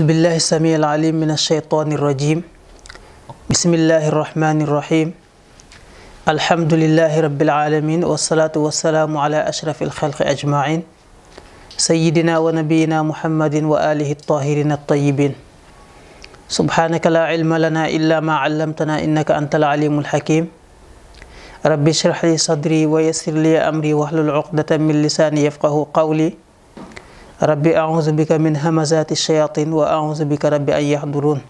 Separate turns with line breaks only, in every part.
أعوذ بالله السميع العليم من الشيطان الرجيم بسم الله الرحمن الرحيم الحمد لله رب العالمين والصلاة والسلام على أشرف الخلق أجمعين سيدنا ونبينا محمد وآله الطاهرين الطيبين سبحانك لا علم لنا إلا ما علمتنا إنك أنت العليم الحكيم رب اشرح لي صدري ويسر لي أمري واحلل عقدة من لساني يفقه قولي رب أعوذ بك من همزات الشياطين وأعوذ بك رب أن يحضرون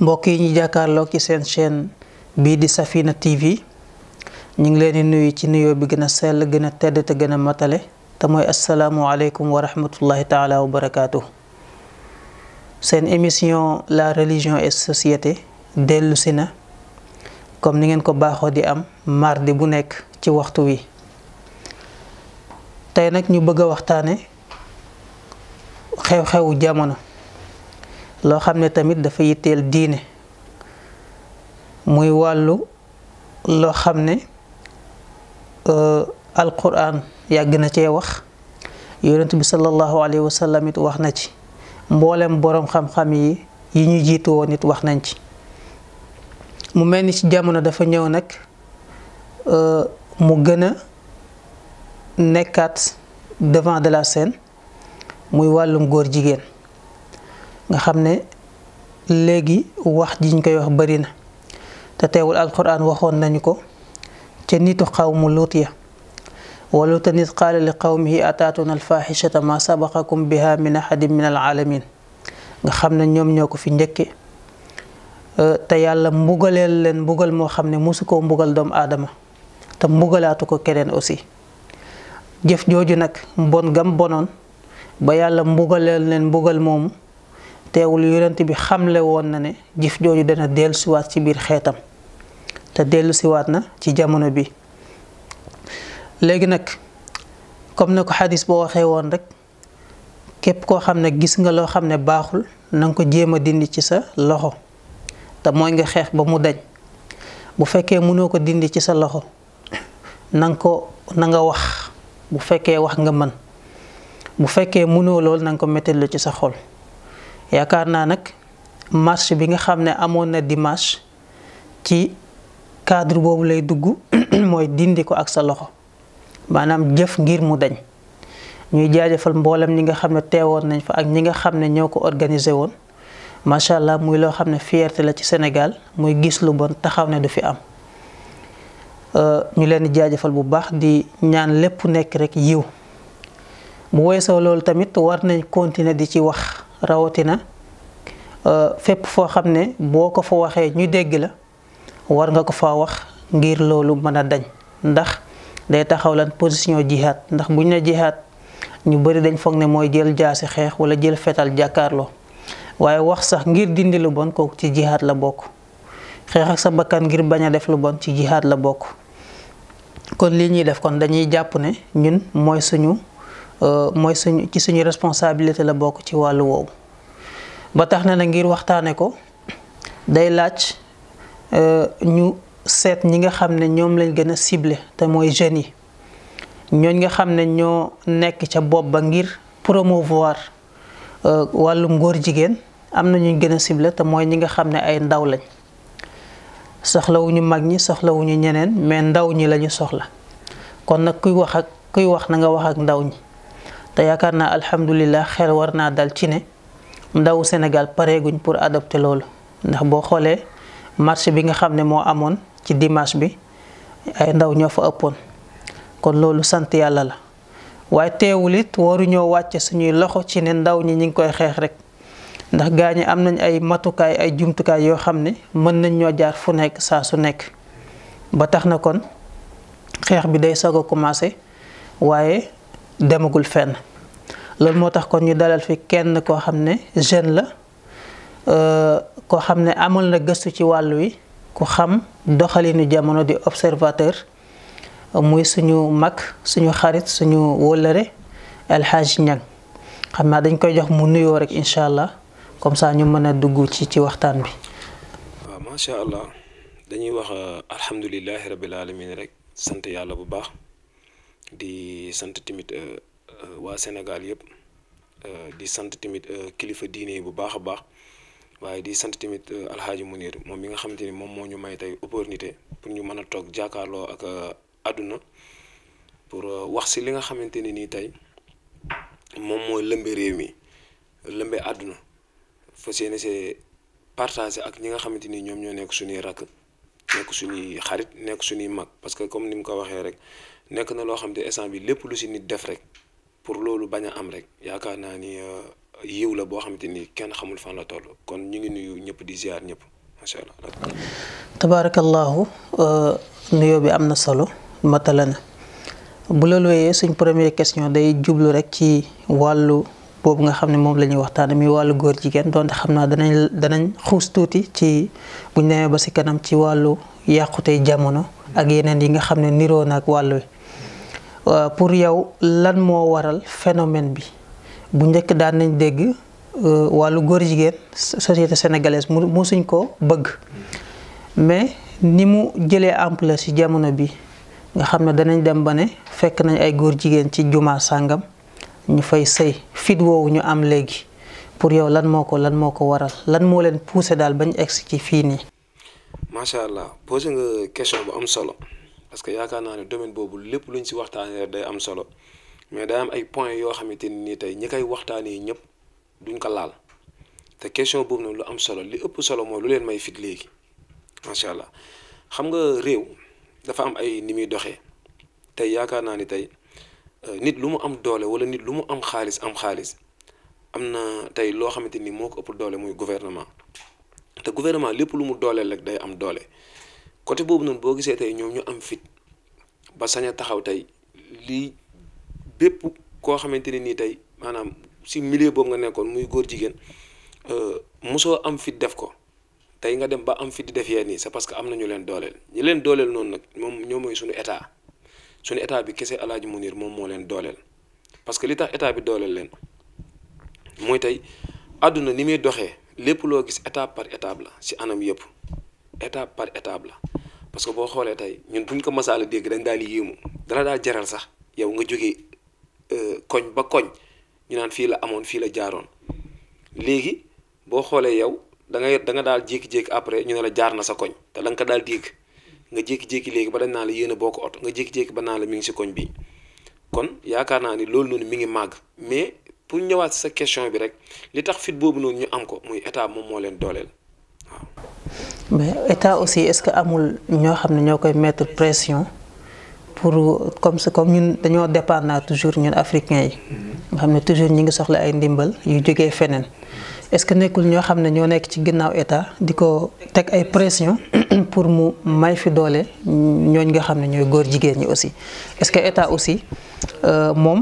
mbokk yi ñu jàkkaarloo ci seen chaîne bii di Safina TV ñu ngi leen di nuyu ci nuyoo bi gën a sell gën a tedd te gën a matale te mooy asalaamualeykum wa rahmatullahi taala wa barakaatu. seen émission la religion et société dellu si na comme ni ngeen ko baaxoo di am mardi bu nekk ci waxtu wi. tey nag ñu bëgg a waxtaane xew-xewu jamono loo xam ne tamit dafa yitteel diine muy wàllu loo xam ne euh, alquran yàgg na cee wax yonent bi sallallahu alayhi wa it wax na ci mboolem boroom xam-xam yi yi ñu jiitu woon it wax nañ ci mu mel ni ci jamono dafa ñëw nag euh, mu gën nekkaat devant de la scène muy wàllum góor jigéen nga xam ne léegi wax jiñ koy wax bari na te teewul alquran waxoon nañu ko ca nitu xawmu luut ya walu ta nit qaala li qawmihi ataatuna alfaxishata ma sabaqakum biha min ahadin min alaalamin nga xam ne ñoom ñoo ko fi njëkke te yàlla mbugaleel leen mbugal moo xam ne mosu koo mbugal doomu aadama te mbugalaatu ko keneen aussi jëf jooju nag mbon gam bonoon ba yàlla mbugaleel leen mbugal moomu teewul yonent bi xamle woon na ne jëf jooju dana dellusiwaat ci biir xeetam te dellusiwaat na ci jamono bi léegi nag comme na ko xadis boo waxee woon rek képp koo xam ne gis nga loo xam ne baaxul nanga ko jéem a dindi ci sa loxo te mooy nga xeex ba mu dañ bu fekkee mënoo ko dindi ci sa loxo na ko nanga wax bu fekkee wax nga mën bu fekkee mënoo lool na nga ko méttal ci sa xol yaakaar naa nag marche bi nga xam ne amoon na dimanche ci cadre boobu lay dugg mooy dindi ko ak sa loxo maanaam jëf ngir mu dañ ñuy jaajëfal mboolem ñi nga xam ne teewoon nañ fa ak ñi nga xam ne ñoo ko organisé woon macha allah muy loo xam ne fierté la ci Sénégal muy gis lu bon taxaw ne du fi am. Euh, ñu leen di jaajëfal bu baax di ñaan lépp nekk rek yiw bu weesoo loolu tamit war nañ continuer di ci wax rawatina euh, fépp foo xam ne boo ko fa waxee ñu dégg la war nga ko faa wax ngir loolu mën a dañ ndax day taxaw lan position jihaad ndax buñ ne jihaad ñu bëri dañ foog ne mooy jël jaasi xeex wala jël fetal jàkkaarloo waaye wax sax ngir dindi lu bon kooku ci jihaad la bokk xeex ak sa bakkan ngir bañ a def lu bon ci jihaad la bokk kon lii ñuy def kon dañuy jàpp ne ñun mooy suñu euh, mooy suñu ci suñu responsabilité la bokk ci wàllu woowu ba tax na na ngir waxtaane ko day laaj euh, ñu seet ñi nga xam ne ñoom lañ gën a ciblé te mooy jeunes yi ñooñ nga xam ne ñoo nekk ca bopp ba ngir promouvoir euh, wàllum góor jigéen am na ñu gën a ciblé te mooy ñi nga xam ne ay ndaw lañ soxlawuñu mag ñi soxlawuñu ñeneen mais ndaw ñi lañu soxla kon nag kuy wax ak kuy wax na nga wax ak ndaw ñi te yaakaar naa alhamdulillah xel war naa dal ci ne ndawu Sénégal pareeguñ pour adopter loolu ndax boo xoolee marché bi nga xam ne moo amoon ci dimanche bi ay ndaw ñoo fa ëppoon kon loolu sant yàlla la waaye teewul it waruñoo wàcce suñuy loxo ci ne ndaw ñi ñu ngi koy xeex rek. ndax gaa ñi am nañ ay matukaay ay jumtukaay yoo xam ne mën nañ ñoo jaar fu nekk saa su nekk ba tax na kon xeex bi day soog a commencé waaye demagul fenn loolu moo tax kon ñu dalal fi kenn koo xam ne jeune la euh, koo xam ne amul na gëstu ci wàll wi ku xam doxalinu jamono di observateur muy suñu mag suñu xarit suñu wóllëre El Hadj Niang xam naa dañ koy jox mu nuyoo rek incha allah. comme saa ñu mën a dugg ci ci waxtaan bi.
waaw macha allah dañuy wax euh, alhamdulilahi rabil alamin rek sant yàlla bu baax di sant tamit euh, euh, waa Sénégal yëpp di sant tamit kilifa diine yi bu baax a baax waaye di sant tamit mu Munir moom mi nga xamante ni moom moo ñu may tey opportunité pour ñu mën a toog jàkkaarloo ak àdduna pour wax si li nga xamante ne nii tey moom mooy lëmbe réew mi lëmbe àdduna. fas yéene see partagé ak ñi nga xamante ni ñoom ñoo nekk suñuy rakk nekk suñuy xarit nekk suñuy mag parce que comme ni mu ko waxee rek nekk na loo xam te instant bi lépp lu si nit def rek pour loolu bañ a am rek yaakaar naa ni euh, yiw la boo xamante ni kenn xamul fan la toll kon ñu ngi nuyu ñëpp di ziar ñëpp macha allah.
tabaarakallaahu euh, nuyoo bi am na solo matala na bu la looyee suñ première question day jublu rek ci wàllu. boobu nga xam ne moom la ñuy waxtaane muy wàllu góor jigéen donte xam naa danañ danañ xuus tuuti ci buñ demee ba si kanam ci wàllu yàqutey jamono ak yeneen yi nga xam ne niroo na ak wàll wi euh, pour yow lan moo waral phénomène bi bu njëkk daan nañ dégg euh, wàllu góor jigéen société sénégalaise mu musuñ ko bëgg mais ni mu jëlee ampleur si jamono bi nga xam ne danañ dem ba ne fekk nañ ay góor jigéen ci jumaa sàngam ñu fay sëy fit woowu ñu am léegi pour yow lan moo ko lan moo ko waral lan moo leen poussé daal bañ egsi ci fii nii.
macha allah posé nga question bu am solo parce que yaakaar naa ne domaine boobu lépp lu luñ si waxtaanee day am solo mais day am ay points yoo xamante ni nii tey ñi koy waxtaanee ñëpp duñ ko laal te question boobu na lu am solo li ëpp solo mooy lu leen may fit léegi macha allah xam nga réew dafa am ay ni muy doxee tey yaakaar naa ni tey. nit lu mu am doole wala nit lu mu am xaalis am xaalis am na tey loo xamante ni moo ko ëpp doole muy gouvernement te gouvernement lépp lu mu dooleel rek day am doole côté boobu noonu boo gisee tey ñoom ñu am fit ba sañ a taxaw tey lii bépp koo xamante ne nii tey maanaam si milieu boobu nga nekkoon muy góor jigéen euh, mosoo am fit def ko tey nga dem ba am fit di def yenn nii c'est parce que am na ñu leen dooleel ñi leen dooleel noonu nag moom ñoo mooy suñu état. suñu état bi kese Alaaji Munir moom moo leen dooleel parce que li tax état bi dooleel leen mooy tey àdduna ni muy doxee lépp loo gis étape par étape la si anam yëpp étape par étape la parce que boo xoolee tey ñun duñ ko masaala dégg dañ daal di yéemu dala daal jaral sax yow nga jógee euh, koñ ba koñ ñu naan fii la amoon fii la jaaroon léegi boo xoolee yow da ngay da daal jékki-jékki après ñu ne la jaar na sa koñ te da ko daal dégg nga jékki-jékki léegi ba dañ naa la yéen a bokk oto nga jékki-jékki ba naa la mi ngi si koñ bi kon yaakaar naa ni loolu noonu mu ngi màgg mais pour ñëwaat sa question bi rek li tax fit boobu noonu ñu am ko muy état moom moo leen dooleel
waaw. mais état aussi est-ce que amul ñoo xam ne ñoo koy mettre pression pour comme si comme ñun dañoo dépendre toujours ñun africains yi. Mhm. nga xam ne toujours ñi ngi soxla ay ndimbal yu jógee feneen es ce que nekkul ñoo xam ne ñoo nekk ci ginnaaw état di teg ay pression. pour mu may fi doole ñooñ nga xam ne ñooy góor jigéen ñi aussi est-ce que état aussi euh, moom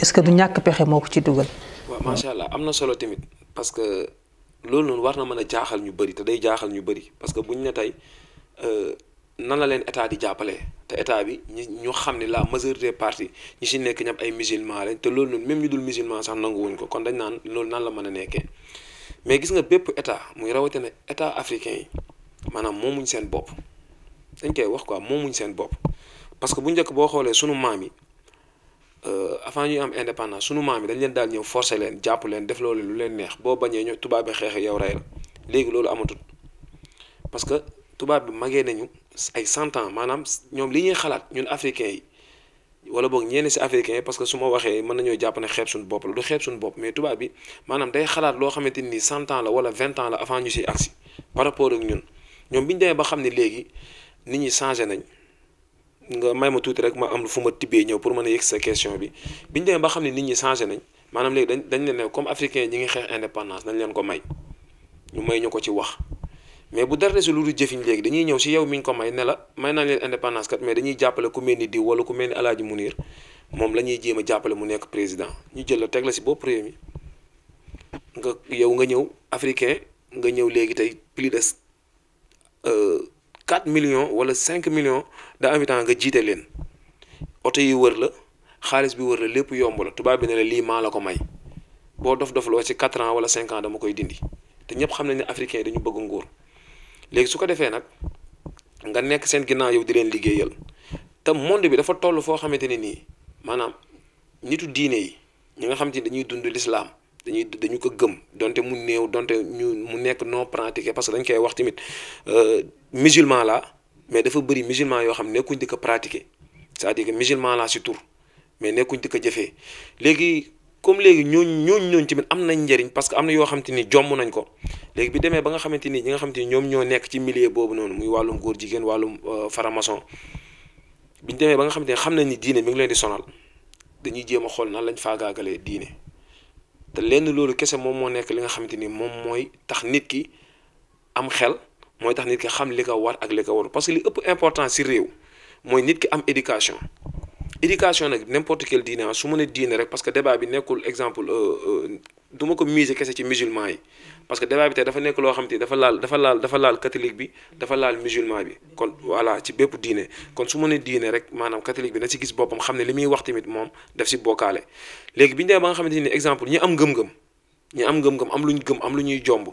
est-ce que du ñàkk pexe moo ko ci dugal.
waaw macha allah am na solo tamit parce que loolu noonu war na mën a jaaxal ñu bëri te day jaaxal ñu bëri parce que buñ ne tey euh, nan la leen état di jàppale te état bi ñi ñu xam ne la majorité parti ñi si nekk ñam ay musulman lañ te loolu noonu même ñu dul musulman sax nanguwuñ ko kon dañ naan loolu nan la mën a nekkee mais gis nga bépp état muy rawatina état africain yi. maanaam moomuñ seen bopp dañ wax quoi parce que bu njëkk boo xoolee sunu maam yi euh, avant ñuy am indépendance sunu maam yi dañ leen daal ñëw forcer leen jàpp leen def loolu lu leen neex boo bañee tubaab bi yow parce que tubaab bi magee nañu ay cent ans maanaam ñoom li ñuy xalaat ñun africains wala parce que su ma waxee mën nañoo jàpp ne xeeb suñu bopp la du suñu bopp mais tubaab bi maanaam day xalaat loo xamante ni ans la wala vingt ans la avant ñu par rapport ak ñun ñoom bi ñu demee ba xam ne léegi nit ñi changé nañ nga may ma tuuti rek ma am lu fu ma tibbee ñëw pour man a yegg sa question bi bi ñu demee ba xam ne nit ñi changé nañ maanaam léegi dañ dañ leen ne comme africain ñi ngi xeex indépendance nañ leen ko may ñu may ñu ko ci wax mais bu dara si lu dul jëfiñ léegi dañuy ñëw si yow mi ñu ko may ne la may naa leen indépendance kat mais dañuy jàppale ku mel ni diw wala ku mel ni Alaaji Munir moom la ñuy jéem a jàppale mu nekk président ñu jël la teg la si bopp yow nga ñëw africain nga ñëw léegi tey plus de quatre millions wala cinq millions d'habitants nga jiite leen oto yi wër la xaalis bi wër la lépp yomb la tubaab bi ne la lii maa la ko may boo dof loo ci quatre ans wala cinq ans dama koy dindi te ñëpp xam nañ ni africain yi dañu bëgg nguur léegi su ko defee nag nga nekk seen ginnaaw yow di leen liggéeyal te monde bi dafa toll foo xamante ne nii maanaam nitu diine yi ñi nga xam te ni dañuy dund lislaam dañuy dañu ko gëm donte mu néew donte ñu mu nekk non pratiqué parce que dañ koy wax tamit euh, musulman la mais dafa bëri musulman yoo xam nekkuñ di ko pratiqué c'est-à-dire musulman la si tur mais nekkuñ di ko jëfee léegi comme léegi ñooñ ñooñ ñooñ tamit am nañ njëriñ parce que am na yoo xamante ni jomm nañ ko léegi bi demee ba nga xamante ni ñi nga ni ñoom ñoo nekk ci millier boobu noonu muy wàllum góor jigéen wàllum euh, faramaçon biñ demee ba nga xam xamante ni xam nañ ni diine mi ngi leen di sonal dañuy jéem a xool nan lañ faagaagalee diine lenn loolu kese moom moo nekk li nga xamante ni moom mooy tax nit ki am xel mooy tax nit ki xam li ko war ak li ko warul parce que li ëpp important si réew mooy nit ki am éducation éducation nag n'importe quel diine ah, su ma ne diine rek parce que débat bi nekkul exemple euh, euh, du ma ko miser kese ci musulman yi parce que débat bi tey dafa nekk loo xam te dafa laal dafa laal dafa laal catholique bi dafa laal musulman bi kon voilà ci bépp diine kon su ma ne diine rek maanaam catholique bi na ci gis boppam xam ne li muy wax tamit moom daf si bokkaale léegi bi ñu demee ba nga xamante ni exemple ñi am gëm-gëm ñi am gëm-gëm am lu gëm am lu ñuy jomb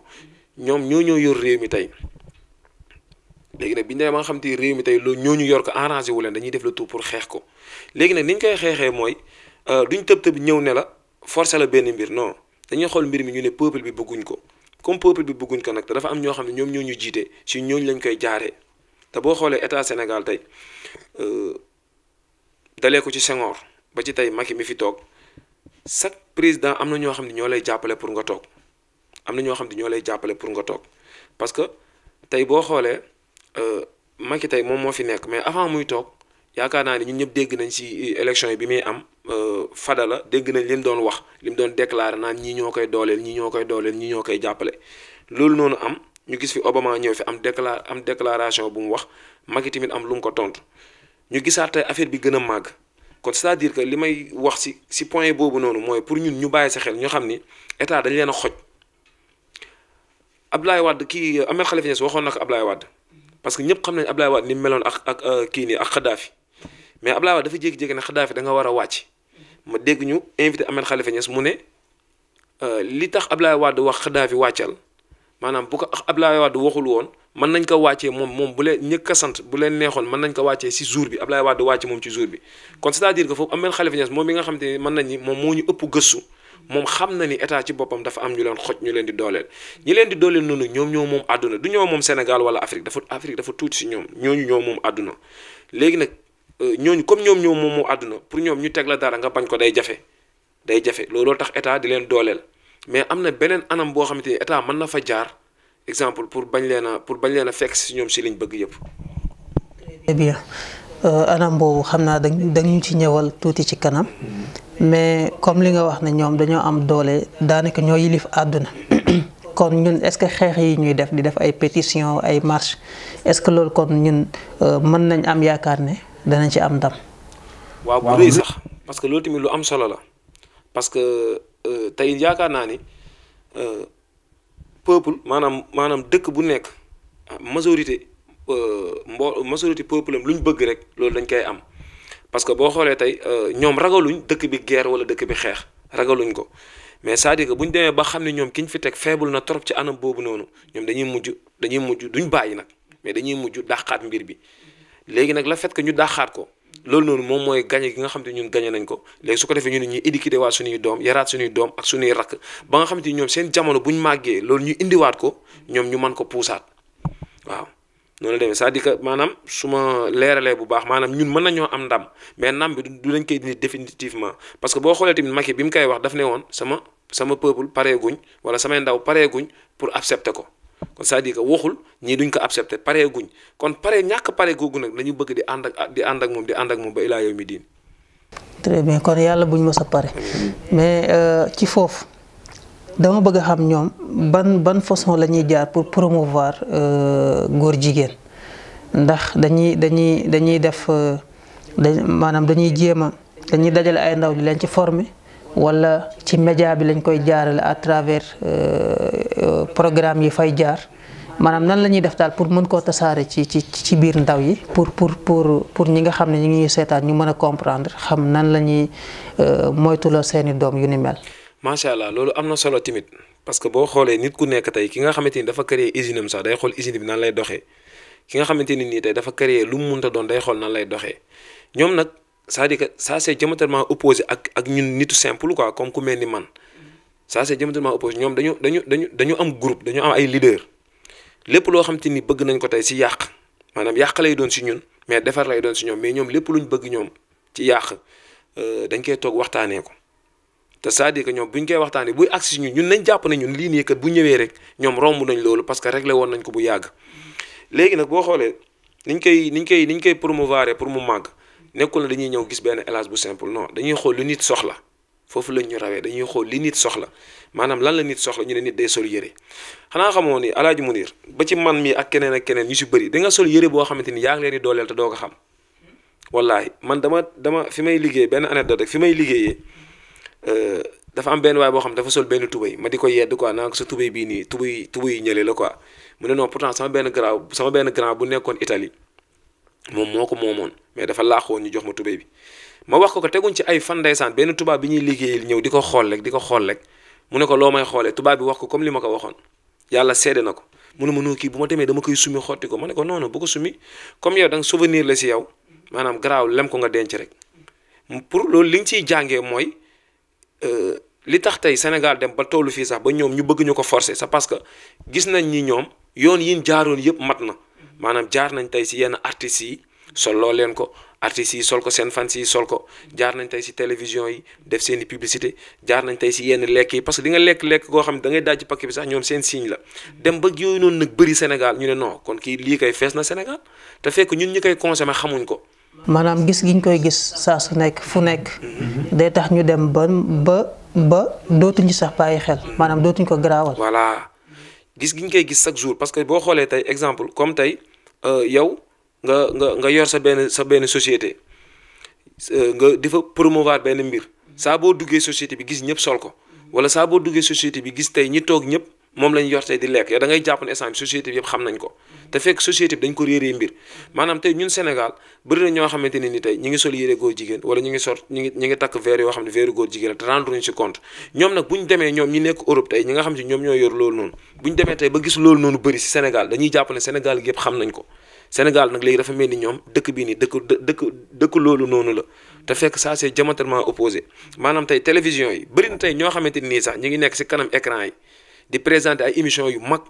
ñoom ñoo ñoo yor réew mi tey léegi nag bi ñu demee ba nga xam te réew mi tey loolu ñoo ñu yor ko arrangé wu leen dañuy def le tout pour xeex ko léegi nag niñ ñu koy xeexee mooy duñ tëb tëb ñëw ne la forcé la benn mbir non dañuy xool mbir mi ñu ne peuple bi bëgguñ ko comme peuple bi bëgguñ ko nag te dafa am ñoo xam ne ñoom ñoo ñu jiite si ñooñu lañ koy jaare te boo xoolee état Sénégal tey euh, dalee ko ci Senghor ba ci tey Macky mi fi toog chaque président am na ñoo xam ne ñoo lay jàppale pour nga toog am na ñoo xam ne ñoo lay jàppale pour nga toog parce que tey boo xoolee euh, Macky tey moom moo fi nekk mais avant muy toog. yaakaar naa ni ñun ñëpp dégg nañ ci euh, élection yi bi muy am euh, Fadala dégg nañ li mu doon wax li mu doon déclaré naan ñii ñoo koy dooleel ñii ñoo koy dooleel ñii ñoo koy jàppale loolu noonu am ñu gis fi Obama ñëw fi am décla am déclaration bu mu wax Macky tamit am lu mu ko tontu ñu gisaat tey affaire bi gën a màgg kon c'est-à-dire que li may wax ci ci point boobu noonu mooy pour ñun ñu bàyyi sa xel ñu xam ni état dañ leen a xoj Abdoulaye Wade kii am Khalifa Niass waxoon na ko Abdoulaye Wade parce que ñëpp xam nañ Abdoulaye Wade ni meloon ak ak euh, kii nii ak Kadhafi mais Abdoulaye Wade dafa jékki-jékki ne Kadhafi da nga war a wàcc ma dégg ñu invité Ahmed Khalifa Niass mu ne euh, li tax Abdoulaye Wade wax Kadhafi wàccal maanaam bu ko Abdoulaye Wade waxul woon mën nañ ko wàccee moom moom bu leen ñëkk a sant bu leen neexoon mën nañ ko wàccee si jour bi Abdoulaye Wade wàcc moom ci jour bi kon c'est-à-dire que foofu Ahmed Khalifa Niass moom mi nga xam ne mën nañ moom moo ñu ëpp gëstu moom xam na ni état ci boppam dafa am ñu leen xoj ñu leen di dooleel ñi leen di dooleel noonu ñoom ñoo moom àdduna du ñoo moom Sénégal wala dafa tuuti si ñoom ñooñu ñoo moom àdduna léegi nag Euh, ñooñu comme ñoom ñoom moom moo àdduna pour ñoom ñu teg la dara nga bañ ko day jafe day jafe loolu tax état di leen dooleel mais am na beneen anam boo xamante ni état mën na fa jaar exemple pour bañ leen a pour bañ leen a fekk si ñoom si liñ bëgg yëpp.
très bien euh, anam boobu xam naa dañu ci ñëwal tuuti ci kanam mais comme li nga wax ne ñoom dañoo am doole daanaka ñoo yilif àdduna. kon ñun est-ce que xeex yi ñuy def di def ay pétition ay marche est-ce que loolu kon ñun euh, mën nañ am yaakaar ne. danañ ci am ndam.
waaw bu rëy sax parce que loolu tamit lu am solo la parce que euh, tey yaakaar naa ni euh, peuple maanaam maanaam dëkk bu nekk majorité euh, mbo majorité peuple am lu ñu bëgg rek loolu dañ koy am parce que boo xoolee tey ñoom ragaluñ dëkk bi guerre wala dëkk bi xeex ragaluñ ko. mais c'est-à-dire que bu ñu demee ba xam ne ñoom ki ñu fi teg faible na trop ci anam boobu noonu ñoom dañuy mujj dañuy mujj duñ bàyyi nag mais dañuy mujj dàqaat mbir bi léegi nag la fait que ñu daaxaat ko loolu noonu moom mooy gañe gi nga xam te ñun gañe nañ ko léegi su ko defee ñu ne ñuy éduquer waat suñuy doom yaraat suñuy doom ak suñuy rakk ba nga xam te ñoom seen jamono buñ màggee loolu ñu indiwaat ko ñoom ñu mën ko puusaat waaw noonu la demee cest à maanaam su ma leeralee bu baax maanaam ñun mën nañoo am ndam mais ndam bi du lañ koy dindi définitivement parce que boo xoolee tamit Macky bi mu koy wax daf ne woon sama sama peuple pareeguñ wala samay ndaw pareeguñ pour accepter ko kon c'est-à-dire waxul ñii duñ ko accepté paree guñ kon pare ñàkk pare googu nag dañu bëgg di ànd ak di ànd ak moom di ànd ak moom ba ilaa yow mi diin.
kon yàlla buñ mës a pare. mais euh, ci foofu dama bëgg a xam ñoom ban ban façon la ñuy jaar pour promouvoir euh, góor jigéen ndax dañuy dañuy dañuy def euh, maanaam dañuy jéem a dañuy dajale ay ndaw di leen ci former. wala ci média bi lañ koy jaarale à travers euh, euh, programme yi fay jaar maanaam nan la ñuy def daal pour mën koo tasaare ci ci ci biir ndaw yi pour pour pour pour ñi nga xam ne ñu ngi seetaan ñu mën a comprendre xam nan la ñuy euh, moytuloo seeni doom yu ni mel.
macha allah loolu am na solo tamit parce que boo xoolee nit ku nekk tey ki nga xamante ni dafa créer usine am sax day xool usine bi nan lay doxee ki nga xamante ni nii tey dafa créer lu mu mënta doon day xool nan lay doxee ñoom nag. saa à dire que ça c'est diamétralement ak ak ñun nitu simple quoi comme ku mel ni man ça c'est diamétralement opposé ñoom dañu dañu dañu dañu am groupe dañu am ay leader lépp loo xam te ni bëgg nañ ko tey si yàq maanaam yàq lay doon si ñun mais defar lay doon si ñoom mais ñoom lépp luñ bëgg ñoom ci yàq euh, dañ koy toog waxtaanee ko te saa à dire ñoom buñ koy waxtaanee buy agsi si ñun ñun nañ jàpp ne ñun lii nii kat bu ñëwee rek ñoom romb nañ loolu parce que réglé woon nañ ko bu yàgg léegi nag boo xoolee niñ koy niñ koy niñ koy promouvoir pour mu màgg nekkul ne dañuy ñëw gis benn élage bu simple non dañuy xool lu nit soxla foofu lañ ñu rawee dañuy xool li nit soxla maanaam lan la nit soxla ñu ne nit day sol yére xanaa xamoo ni alaaji Munir ba ci man mi ak keneen ak keneen ñu si bëri da nga sol yére boo xamante ni yaa ngi leen di dooleel te doo ko xam wallaahi man dama dama fi may liggéey benn anecdote rek fi may liggéeyee euh, dafa am benn waay boo xam dafa sol benn tubéy ma di ko yedd quoi naa ko sa tubéy bii nii tubéy tubéy yi ñële la quoi mu ne non pourtant benn grand sama benn grand bu nekkoon Italie
moom moo ko moomoon mais dafa laaxoon
ñu jox ma tubéy bi ma wax ko ko teguñ ci ay fan ndeysaan benn tubaab bi ñuy liggéeyal ñëw di ko xool rek di ko xool rek mu ne ko loo may xoolee tubaab bi wax ko comme li ma ko waxoon yàlla seede na ko mu ne ma kii bu ma demee dama koy sumi xotti ko ma ne ko non non bu ko sumi comme yow da nga souvenir la si yaw maanaam garaaw lem ko nga denc rek pour loolu li nga siy jàngee mooy euh, li tax tey Sénégal dem ba tollu fii sax ba ñoom ñu bëgg ko forcer c'est parce que gis nañ ni ñoom yoon yi ñu yëpp mat na. maanaam jaar nañ tey si yenn artistes yi solloo leen ko artistes yi sol ko seen fans yi sol ko jaar nañ tey si télévision yi def seen i publicité jaar nañ tey si yenn lekk yi parce que di nga lekk-lekk goo xam ne da ngay daaj ci paquet bi seen signe la dem ba yooyu noonu bëri Sénégal ñu ne non kon kii lii koy fees na Sénégal te fekk ñun ñi koy consommé xamuñ ko
maanaam gis giñ koy gis saa su nekk fu nekk day tax ñu dem ba ba ba dootuñu sax bàyyi xel maanaam dootuñ ko garaawal
voilà gis gi ñu koy gis chaque jour parce que boo xoolee tey exemple comme tey euh, yow nga nga nga yor sa benn sa benn société euh, nga di fa promouvoir benn mbir saa boo duggee société bi gis ñëpp sol ko wala saa boo duggee société bi gis tey ñi toog ñëpp moom lañ yor tey di lekk yow da ngay jàpp ne instant bi société bi yëpp xam nañ ko te fekk société bi dañ ko maanaam tey ñun Sénégal bëri ñoo xamante ne ni tey ñi ngi sol yére góor jigéen wala ñi ngi sor ñi ngi ngi takk verre yoo xam ne verre góor jigéen la te rendre ñu si compte ñoom ñu nekk Europe tey ñi ñoo yor loolu noonu bu ñu demee tey ba gis loolu noonu bëri si Sénégal dañuy jàpp ne xam ko Sénégal nag léegi dafa mel ni ñoom dëkk bii nii dëkk dëkk dëkk loolu noonu la te fekk ça c'est diamétralement opposé maanaam tey télévision yi bëri na tey ñoo xamante ni nii sax ñi ngi nekk si kanam écran yi di présenté ay émissions yu mag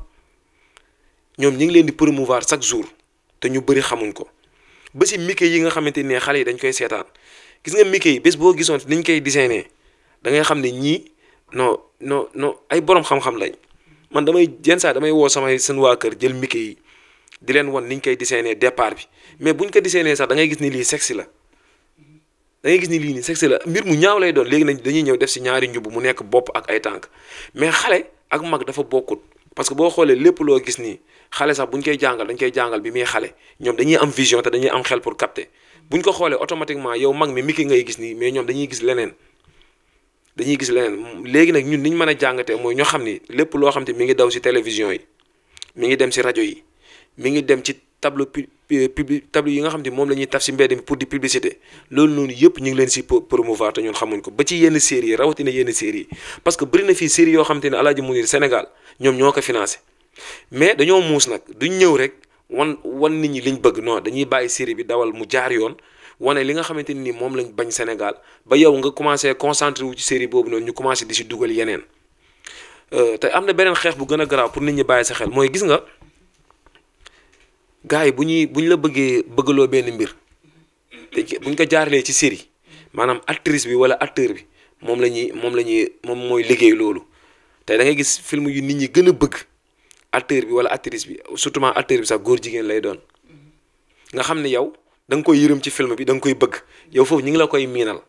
ñoom ñi ngi leen di promouvoir chaque jour te ñu bëri xamuñ ko ba si mike yi nga xamante ne xale yi dañ koy seetaan gis nga mike yi bés boo gisoon niñ koy dessiné da ngay xam ne ñii non no non ay borom xam-xam lañ man damay jenn sax damay woo samay seen waa kër jël mike yi di leen wan niñ koy dessiné départ bi mais buñ ko diseenee sax da ngay gis ni lii sexy la. da ni lii nii sexe la mbir mu ñaaw lay doon léegi nañ dañuy ñëw def si ñaari njubb mu nekk bopp ak ay tànk mais xale ak mag dafa bokkut parce que boo xoolee lépp loo gis nii xale sax bu ñu koy jàngal dañ koy jàngal bi muy xale ñoom dañuy am vision te dañuy am xel pour capter bu ñu ko xoolee automatiquement yow mag mi miki ngay gis nii mais ñoom dañuy gis leneen dañuy gis leneen léegi nag ñun ni ñu mën a jàngatee mooy ñoo xam ni lépp loo xam te mi ngi daw si télévision yi mi ngi dem si rajo yi mi ngi dem ci tableau euh, pub tableau yi nga xam ne moom la ñuy taf si mbedd mi pour di publicité loolu noonu yëpp ñu leen si promouvoir te ñun xamuñ ko ba ci yenn séries yi rawatina yenn séries yi parce que bëri na fii séries yoo xam te ne Aladji Mounir ñoo ko financé mais dañoo muus nag duñ ñëw rek wan wan nit ñi liñ bëgg non dañuy bàyyi série bi dawal mu jaar yoon wane li nga xamante ni moom lañ bañ Sénégal ba yow nga commencé concentré wu ci série boobu noonu ñu commencé di si dugal yeneen euh, te am na beneen xeex bu gën a garaaw pour nit ñi sa xel mooy gis nga gars yi bu ñuy bu ñu la bëggee bëggaloo benn mbir te bu ñu ko jaaralee ci série maanaam actrice bi wala acteur bi moom la ñuy moom la ñuy moom mooy liggéey loolu te da ngay gis film yu nit ñi gën a bëgg acteur bi wala actrice bi surtout acteur bi sax góor jigéen lay doon nga xam ne yow da nga koy yërëm ci film bi da nga koy bëgg yow foofu ñu ngi la koy miinal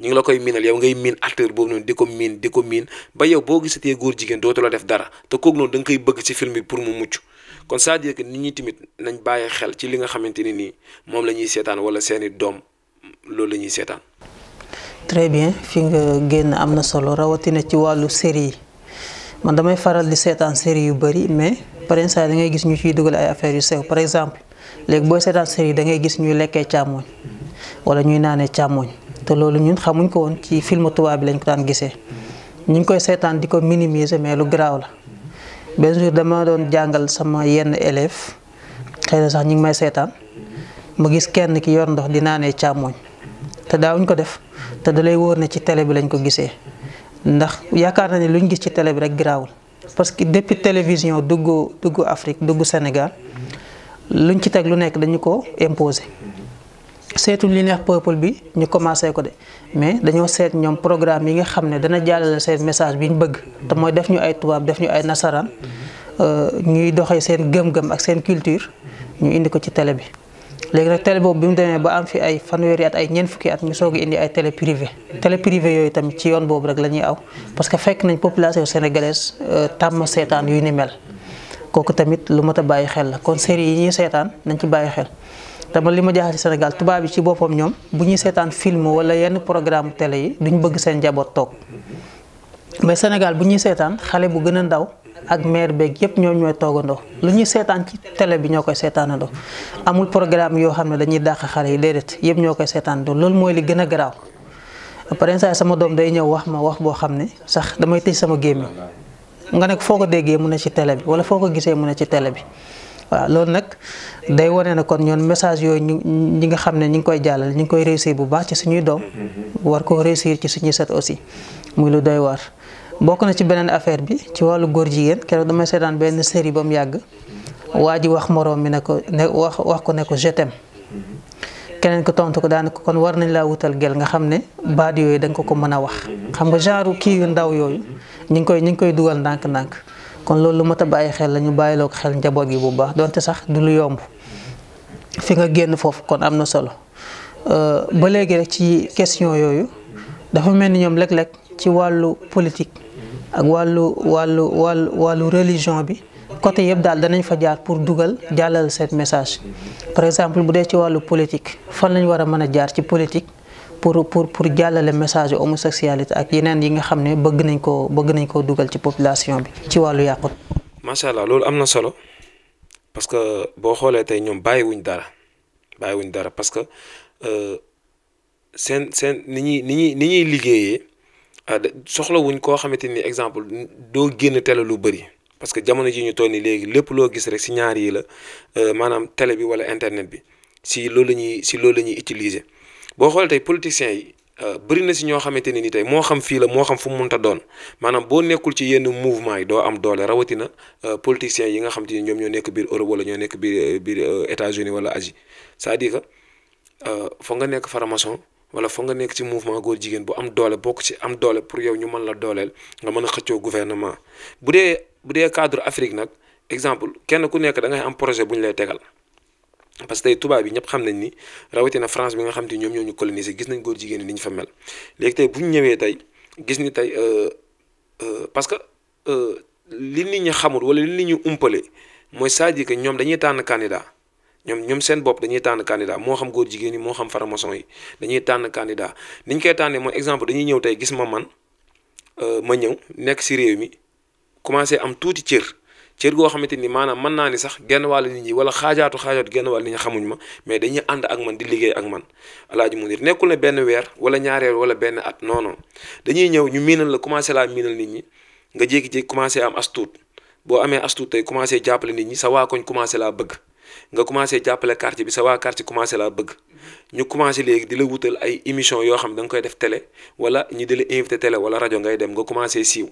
ñu ngi la koy miinal yow ngay miin acteur boobu noonu di ko miin di ko miin ba yow boo gisatee góor jigéen da nga koy bëgg bi pour mu mucc kon cest dire que nit ñi timit nañ bàyyi xel ci li nga xamante ni nii moom la wala seeni doom loolu la ñuy seetaan.
très bien fi nga génn am na solo rawatina ci wàllu série yi man damay faral di seetaan série yu bëri mais par exemple da ngay gis ñu ciy dugal ay affaire yu sew par exemple léegi booy seetaan série da ngay gis ñuy lekkee càmmoñ wala ñuy naanee càmmoñ te loolu ñun xamuñ ko woon ci film tubaab bi lañ ko daan gisee ñu koy seetaan di ko minimiser mais lu garaaw la. benn jour dama doon jàngal sama yenn élèves xëy na sax ñu ngi may seetaan ma gis kenn ki yor ndox di naanee càmmoñ te daawuñ ko def te da lay na ci télé bi lañ ko gisee ndax yaakaar na ne luñ gis ci télé bi rek giraawul parce que depuis télévision dugg dugg Afrique duggu Sénégal luñ ci teg lu nekk dañu ko imposer. seetu lineex peuple bi ñu commencé ko de mais dañoo seet ñoom programme yi nga xam ne dana jàllale seen message bi ñu bëgg te mooy def ñu ay tubaab def ñu ay nasaraan euh, ñuy doxee seen gëm-gëm ak seen culture ñu indi ko ci télé bi. léegi nag télé boobu bi mu demee ba am fi ay fanweeri at ay ñeent fukki at ñu soog indi ay télé privé télé privé yooyu tamit ci yoon boobu rek la ñuy aw parce que fekk nañ population sénégalaise euh, tàmm seetaan yuy ni mel kooku tamit lu mot a bàyyi xel la kon série yi ñuy seetaan nañ ci bàyyi xel. te ma li ma jaaxal ci Sénégal tubaab yi ci boppam ñoom bu ñuy seetaan film wala yenn programme tele yi duñ bëgg seen njaboot toog mais Sénégal bu ñuy seetaan xale bu gën a ndaw ak maire beeg yëpp ñoom ñooy toogandoo lu ñuy seetaan ci bi ñoo koy seetaanandoo amul programme yoo xam ne dañuy dàq xale yi déedéet yëpp ñoo koy seetaanandoo loolu mooy li gën a garaaw après ça sama doom day ñëw wax ma wax boo xam ne sax damay tëj sama gémmiñ nga nekk foo ko déggee mu ne ci tele bi wala foo ko gisee mu ne ci télé bi. waaw loolu nag day wane na kon ñoon message yooyu ñu ñi nga xam ne ñu ngi koy jàllale ñu ngi koy réussir bu baax ci suñuy doom war koo réussir ci suñuy set aussi muy lu doy war bokk na ci beneen affaire bi ci wàllu góor jigéen keroog damay seetaan benn série ba yàgg waa ji wax moroom mi ne ko ne wax wax ko ne ko je keneen ko tontu ko daanaka kon war nañ laa wutal gel nga xam ne baat yooyu da ko ko mën a wax xam nga genre kii yu ndaw yooyu ñu ngi koy ñu ngi koy dugal ndànk-ndànk kon loolu lu a bàyyi xel la ñu bàyyiloo xel njaboot gi bu baax donte sax du lu yomb fi nga génn foofu kon am na solo euh, ba léegi rek ci question yooyu dafa mel ni ñoom léeg-léeg ci wàllu politique ak wàllu wàllu wàllu wàllu religion bi côté yëpp daal danañ fa jaar pour dugal jàllal seen message par exemple bu dee ci wàllu politique fan lañu war a mën a jaar ci politique pour pour pour jàllale message homosexualité ak yeneen yi nga xam ne bëgg nañ koo bëgg nañ koo dugal ci population bi ci wàllu yàqut.
macha allah loolu am na solo parce que boo xoolee tey ñoom bàyyiwuñ dara bàyyiwuñ dara parce que euh, seen seen ni ñuy ni ñuy ni ñuy liggéeyee ah, soxlawuñ koo xamante ni exemple doo génn télé lu bëri. parce que jamono ji ñu toll nii léegi lépp loo gis rek si ñaar yi la euh, maanaam télé bi wala internet bi si loolu la ñuy si loolu la ñuy utiliser. boo xoolee tey politiciens yi euh, bëri na si ñoo xamante ne ni tey moo xam fii la moo xam fu mu ta doon maanaam boo nekkul ci yenn mouvement yi doo am doole rawatina euh, politiciens yi nga xam te ni ñoom ñoo nekk biir Europe wala ñoo nekk biir euh, biir États-Unis wala Asie saa à dire que foog nga nekk faramason wala foo nga nekk ci mouvement goo jigéen bu am doole bokk ci am doole pour yow ñu mën la dooleel nga mën a xëccoo gouvernement bu dee bu dee cadre Afrique nag exemple kenn ku nekk da ngay am projet bu ñu lay tegal. parce que tey tubaab yi ñëpp xam nañ ni rawatina France bi nga xam te ñoom ñoo ñu gis nañ góor jigéen ni ñu fa mel léegi tey bu ñu ñëwee tey gis ni tey euh, euh, parce que euh, li nit ñi xamul wala li nit ñi umpale mooy cest à ñoom dañuy tànn candidat ñoom ñoom seen bopp dañuy tànn candidat moo xam goor jigéen yi moo xam faramason yi dañuy tànn candidat niñ ñu koy tànnee mooy exemple dañuy ñëw tey gis ma man ma ñëw nekk si réew mi commencé am tuuti cër. cër goo xamante ni maanaam mën naa ni sax genn wàll nit ñi wala xaajaatu xaajaatu genn wàll nit ñi xamuñ ma mais dañuy ànd ak man di liggéey ak man alaaji munir nekkul ne benn weer wala ñaareer wala benn at non non dañuy ñëw ñu miinal la commencé laa miinal nit ñi nga jékki-jékki commencé am astuut boo amee astuut tey commencé jàppale nit ñi sa waa koñ commencé laa bëgg nga commencé jàppale quartier bi sa waa quartier commencé laa bëgg ñu commencé léegi di la wutal ay émission yoo xam ne da koy def télé wala ñi di la invité télé wala rajo ngay dem nga commencé siiw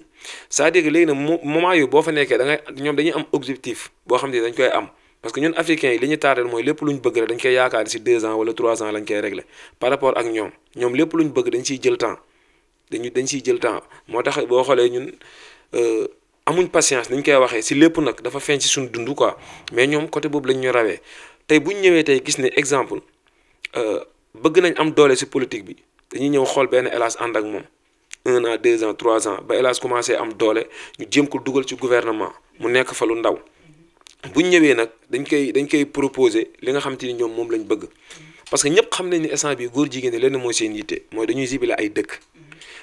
sa à dire que léegi nag moment yu boo fa nekkee da ñoom dañu am objectif boo xam ne dañ koy am parce que ñun africains yi ñu taaral mooy lépp lu ñu bëgg rek dañ koy yaakaar si deux ans wala trois ans lañ koy réglé par rapport ak ñoom ñoom lépp lu ñu bëgg dañ siy jël temps dañu dañ siy jël temps moo tax boo xoolee ñun euh, amuñ patience dañ koy waxee si lépp nag dafa feeñ si suñu dund quoi mais ñoom côté boobu lañ ñu rawee tey bu ñëwee tey gis ne exemple Euh, bëgg nañ am doole si politique bi dañuy ñëw xool benn hélas ànd ak moom un an deux ans trois ans ba hélas commencé am doole ñu jéem ko dugal ci gouvernement mu nekk fa lu ndaw bu ñu ñëwee nag dañ koy dañ koy proposer li nga xam te ni ñoom moom lañ bëgg parce que ñëpp xam nañ ni instant bi góor jigéen lenn mooy seen yitte mooy dañuy sibile ay dëkk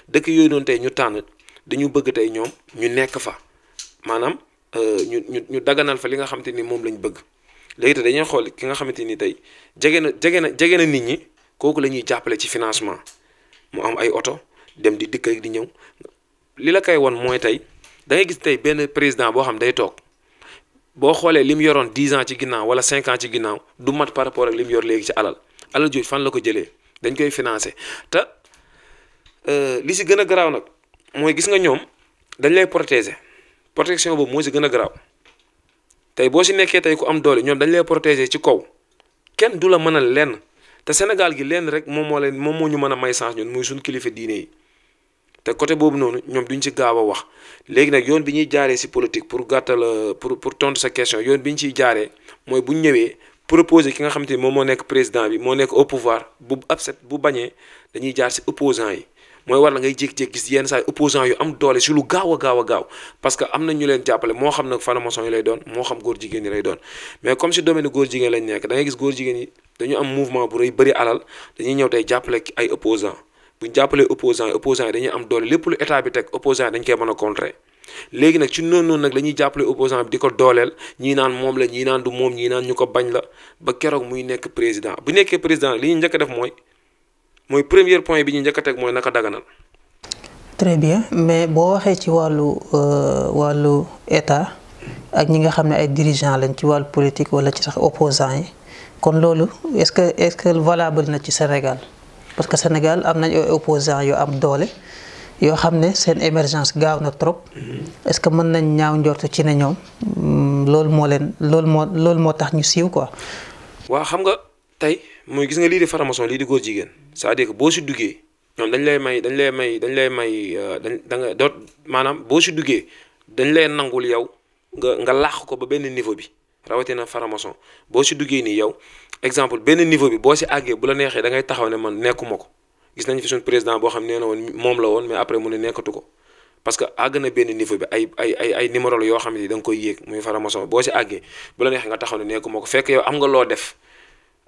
dëkk yooyu noonu tey ñu tànn dañu bëgg tey ñoom ñu nekk fa maanaam euh, ñu ñu ñu dagganal fa li nga xam te ni moom lañ bëgg. léegi te dañuy xool ki nga xamante ni tey jege na jege na jege na nit ñi kooku la ñuy jàppale ci financement mu am ay oto dem di dikk di ñëw li la koy won mooy tey da gis tey benn président boo xam day toog boo xoolee li mu yoroon dix ans ci ginnaaw wala cinq ans ci ginnaaw du mat par rapport ak li mu yor léegi ci alal alal jooju fan la ko jëlee dañ koy financé te euh, li si gën a garaaw nag mooy gis nga ñoom dañ lay protéger protection boobu moo si gën a garaaw tey si nekkee tey ku am doole ñoom dañ lay protéger ci la lenn te Sénégal gi lenn rek moom moo leen moom moo ñu may côté si politique pour gàttal euh, pour pour tontu sa question yoon bi ñu ciy jaaree pouvoir mooy war la ngay jékki-jékki gis yenn saa opposant yu am doole si lu gaaw a gaaw a gaaw parce que am na ñu leen jàppale moo xam ne franc-maçon yi lay doon moo xam góor jigéen yi lay doon mais comme si domaine góor jigéen lañ nekk da ngay gis góor jigéen yi dañu am mouvement bu rëy bëri alal dañuy ñëw tey jàppale ay opposant bu ñu jàppalee opposant yi opposant am doole lépp lu état bi teg opposant yi dañ koy mën a contrer léegi nag ci noonu noonu nag la ñuy jàppale opposant bi di ko dooleel ñii naan la ñii naan du moom ñii naan ñu ko bañ la ba keroog muy nekk président bu nekkee président li ñu njëkk def mooy mooy premier point bi ñu njëkk a teg mooy naka daganal.
très bien mais boo waxee ci wàllu euh, wàllu état ak ñi nga xam ne ay dirigeants lañ ci wàllu politique wala ci sax opposants yi kon loolu est-ce que est-ce que valable na ci Sénégal parce que Sénégal am nañ opposants yu am doole yoo xam ne seen émergence gaaw na trop mm-hmm. est-ce que mën nañ ñaaw njortu ci ne ñoom mm, loolu moo leen loolu moo loolu moo tax ñu siiw quoi.
waaw xam nga tey. muy gis nga lii di faramason lii di góor jigéen cest à boo si duggee ñoom dañ lay may dañ lay may dañ lay may euh, dañ da nga doot maanaam boo si duggee dañ lay nangul yow nga nga làq ko ba benn niveau bi rawatina faramason boo si duggee nii yow exemple benn niveau bi boo si àggee bu la neexee da ngay taxaw ne man nekkuma ko gis nañ fi suñ président boo xam ne na woon moom la woon mais après mu ne ko parce que na benn niveau bi ay ay numéro la yoo xam ne da nga koy yéeg muy faramason boo si àggee bu la nga taxaw ne nekkuma ko fekk yow am nga loo def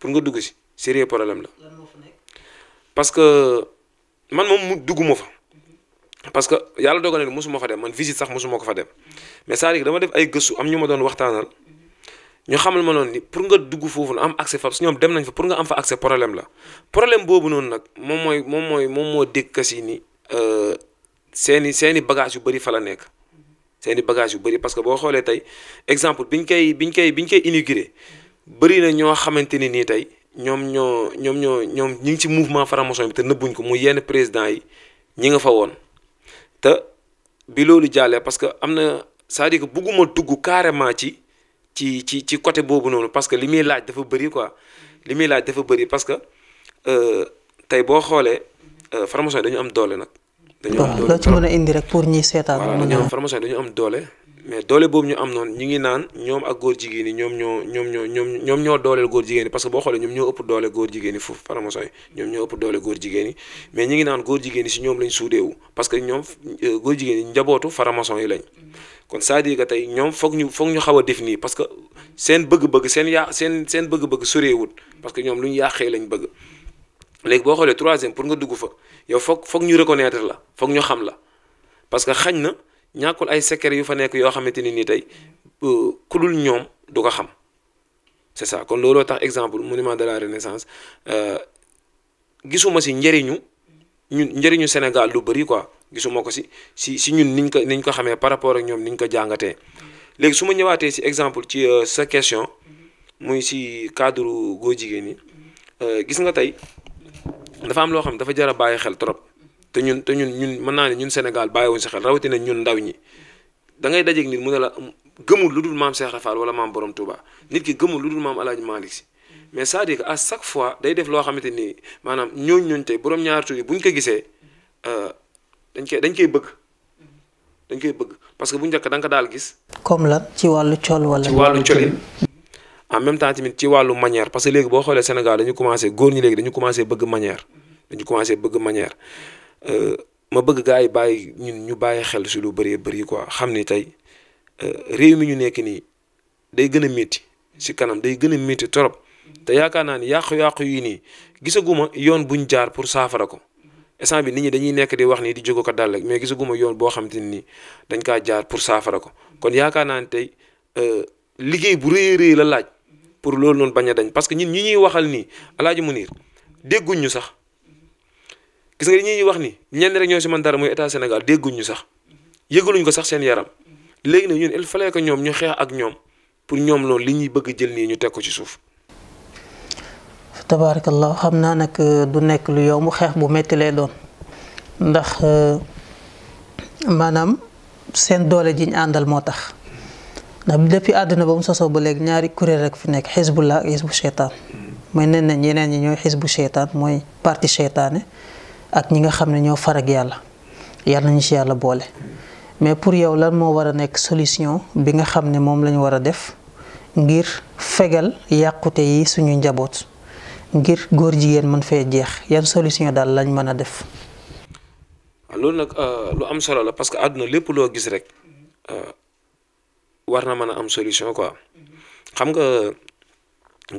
pour nga dugg si sérieux problème la. parce que man moom mu dugg dugguma fa. parce que yàlla dogal na mosuma fa dem man visite sax mosuma ko fa dem mais cest à dama def ay gëstu am ñu ma doon waxtaanal ñu xamal ma noonu ni pour nga dugg foofu am accès fa su ñoom dem nañ fa pour nga am fa accès problème la problème boobu noonu nag moom mooy moom mooy moom moo dégg ka si ni euh, seeni seeni seen bagages yu bëri fa la nekk seen i bagages yu bëri parce que boo xoolee tey exemple biñ koy biñ koy biñ koy inauguré bëri na ñoo xamante ni nii tey ñoom ñoo ñoom ñoo ñoom ñi ngi ci mouvement franc-maçon bi te nëbbuñ ko mu yenn président yi ñi nga fa woon te bi loolu jàllee parce que am na c'est-à-dire que bugguma dugg carrément ci ci ci ci côté boobu noonu parce que li muy laaj dafa bëri quoi li muy laaj dafa bëri parce que euh, tey boo xoolee euh, franc-maçon yi dañu am doole nag. dañu am doole
ci mën a indi rek pour ñi seetaan. dañu
am franc dañu am doole. mais doole boobu ñu am noonu ñi ngi naan ñoom ak góor jigéen yi ñoom ñoo ñoom ñoo ñoom ñoom ñoo dooleel góor jigéen yi parce que boo xoolee ñoom ñoo ëpp doole góor jigéen yi foofu soy ñoom ñoo ëpp doole góor jigéen yi mais ñi ngi naan góor jigéen yi si ñoom lañ suudeewu parce que ñoom euh, góor jigéen yi njabootu faramason yi lañ kon c'est-à-dire que tey ñoom foog ñu foog ñu xaw a définir parce que seen bëgg-bëgg seen yaa seen seen bëgg-bëgg soreewut parce que ñoom lu ñu yàqee lañ bëgg léegi boo xoolee troisième pour nga dugg fa yow foog foog ñu reconnaître la foog ñu xam la parce que xañ na ñàkkul ay secret yu fa nekk yoo xamante ni tey ku dul ñoom du ko xam c'est ça kon looloo tax exemple monument de la renaissance euh, gisuma si njëriñu ñun njëriñu Sénégal lu bëri quoi gisuma ko si si si ñun niñ ko niñ ko xamee par rapport ak ñoom niñ ko jàngatee léegi su ma ñëwaatee si exemple ci euh, sa question muy si cadre gojigi jigéen yi euh, gis nga tey dafa am loo xam dafa jar a xel trop. te ñun te ñun ñun mën naa ne ñun Sénégal bàyyiwuñ si xel rawatina ñun ndaw ñi da ngay dajeeg nit mu ne la gëmul lu dul maam Cheikh Rafal wala maam Borom Touba nit ki gëmul lu dul maam El Hadj si mais c'est-à-dire chaque fois day def loo xam xamante ni maanaam ñooñu ñooñu tey borom ñaari tur bu ñu ko gisee euh, dañ koy dañ koy bëgg dañ koy bëgg parce que bu njëkk da nga daal gis.
comme lan ci wàllu col wala. ci wàllu colin
en même temps tamit ci wàllu manière parce que léegi boo xoolee Sénégal dañu commencé góor ñi léegi dañu commencé bëgg manière dañu commencé bëgg manière Euh, ma bëgg gaa yi bàyyi ñun ñu bàyyi xel si lu bëree bëri quoi xam ni tey euh, réew mi ñu nekk nii day gën a métti si kanam day gën a métti trop te yaakaar naa ni yàqu-yàqu yi nii gisaguma yoon buñ jaar pour saafara ko instant bi nit ñi dañuy nekk di wax nii di jóg ko dal rek mais gisaguma yoon boo xam te ni dañ kaa jaar pour saafara ko kon yaakaar naa ni tey euh, liggéey bu rëy rëy la laaj pour loolu noonu bañ dañ parce que ñun ñi ñuy waxal nii Alaaji Munir dégguñ ñu sax. gis nga ñi ñuy wax ni ñenn rek ñoo si man dara muy état Sénégal dégguñu sax yëgaluñ ko sax seen yaram léegi nag ñun il fallait que ñoom ñu xeex ak ñoom pour ñoom loolu li ñuy bëgg jël nii ñu teg ko ci suuf.
tabaarakallah xam naa nag euh, du nekk lu yomb xeex bu metti lay doon ndax euh, maanaam seen doole jiñ àndal moo tax ndax depuis àdduna ba mu sosoo ba léegi ñaari kuréel rek fi nekk bu la ak bu seytaan mooy nen na ñeneen ñi ñooy bu seytaan mooy parti seytaane ak ñi nga xam ne ñoo farag yàlla yàlla nañu ci yàlla boole mais pour yow lan moo war a nekk solution bi nga xam ne moom lañu war a def ngir fegal yàqute yi suñu njaboot ngir góor jigéen mën fee jeex yan solution daal lañ mën a def.
Ah, loolu nag euh, lu am solo la parce que àdduna lépp loo gis rek euh, war na mën a am solution quoi xam nga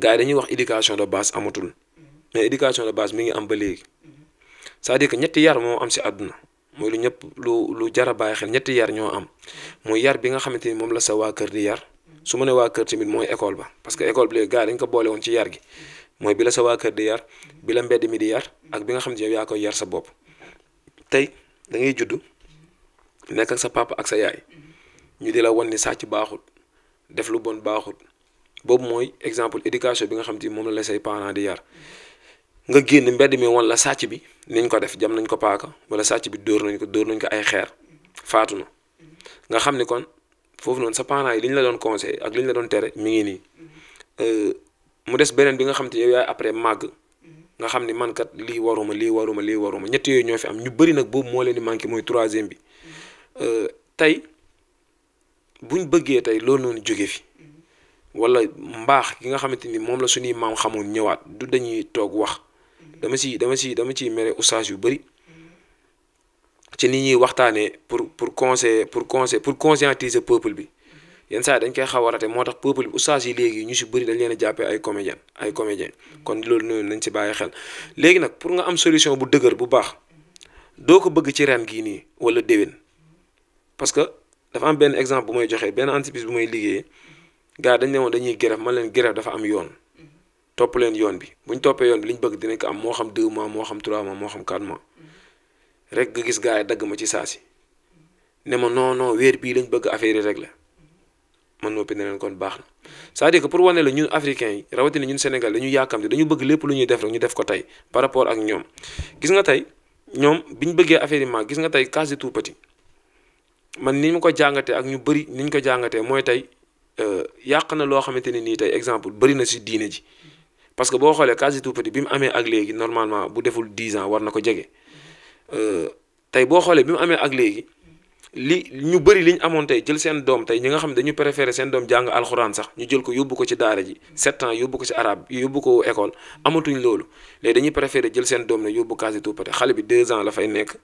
gars yi dañuy wax éducation de base amatul mais éducation de base mi ngi am ba léegi. c'est-à-dire que ñetti yar mo am si aduna moy lu ñep lu lu jara baye xel ñetti yar ño am moy yar bi nga xamanteni mula la sa wa kër di yar su ma ne waa kër timit moy école ba parce que école bi léegi gars dañ ko bolé won ci yar gi moy bi la sa wa kër di yar bi la mbéd mi di yar ak bi nga xamanteni yow ya ko yar sa bop tay da ngay judd nek ak sa papa ak sa yaay ñu di la wan ni ci baxul def lu bon baxul bob moy exemple éducation bi nga xamanteni mom la lay say parents di yar nga génn mbedd mi wala sàcc bi niñ ko def jam nañ ko paaka wala sàcc bi dóor nañ ko dóor nañ ko ay xeer faatu na nga xam ni kon foofu noonu sa parents yi li ñu la doon conseil ak li la doon tere mi ngi nii euh, mu des beneen bi nga xam te yow yaay après màgg nga xam ni man kat lii waruma lii waruma lii waruma ñett yooyu ñoo fi am ñu bëri nag boobu moo leen di manqué mooy troisième bi euh, tey buñ bëggee tey loolu noonu jóge fi wala mbaax gi nga xamante ni moom la suñuy maam xamoon ñëwaat du dañuy toog wax. dama ci dama ci dama ciy mere oustaz yu bëri ci ni ñuy waxtaanee pour pour conseiller pour conseil pour conscientiser peuple bi yenn saa yi dañ koy xaw a rate moo tax peuple bi oustaz yi léegi ñu si bëri dañ leen a jàppee ay comédien ay comédien kon loolu noonu nañ si bàyyi xel léegi nag pour nga am solution bu dëgër bu baax doo ko bëgg ci ren gii nii wala déwén parce que dafa am benn exemple bu may joxee benn entreprise bu may liggéeyee gars dañ ne woon dañuy grève man leen grève dafa am yoon topp leen yoon bi bu ñu toppee yoon bi li ñu bëgg dinañ ko am moo xam 2 mois moo xam 3 moo xam 4 mois mm-hmm. rek nga gis gars yi dagg ma ci saa si ne ma non non weer bii lañ bëgg affaire yi rek la mm-hmm. man noppi ne leen baax na c'est-à-dire que la ñun africains yi rawatina ñun Sénégal dañu yàkkamte dañu bëgg lépp lu ñuy def rek ñu ko tey par rapport ak ñoom gis nga tey ñoom bi ñu bëggee affaire yi mag gis nga tey cas de tout petit ni ñu ko jàngatee ak ñu bëri ni ñu ko jàngatee mooy tey euh, yàq na loo xamante ne nii tey exemple bari na si diine ji parce que boo xoolee quasi tout petit bi mu amee ak léegi normalement bu deful 10 ans war na ko jege euh, tey boo xoolee bi mu amee ak léegi li ñu bëri li ñu amoon tey jël seen doom tey ñi nga xam ne dañu préféré seen doom jàng alxuraan sax ñu jël ko yóbbu ko ci daara ji 7 ans yóbbu ko ci arabe yóbbu ko école amatuñ loolu léegi dañu préféré jël seen doom ne yóbbu quasi tout petit xale bi 2 ans la fay nekk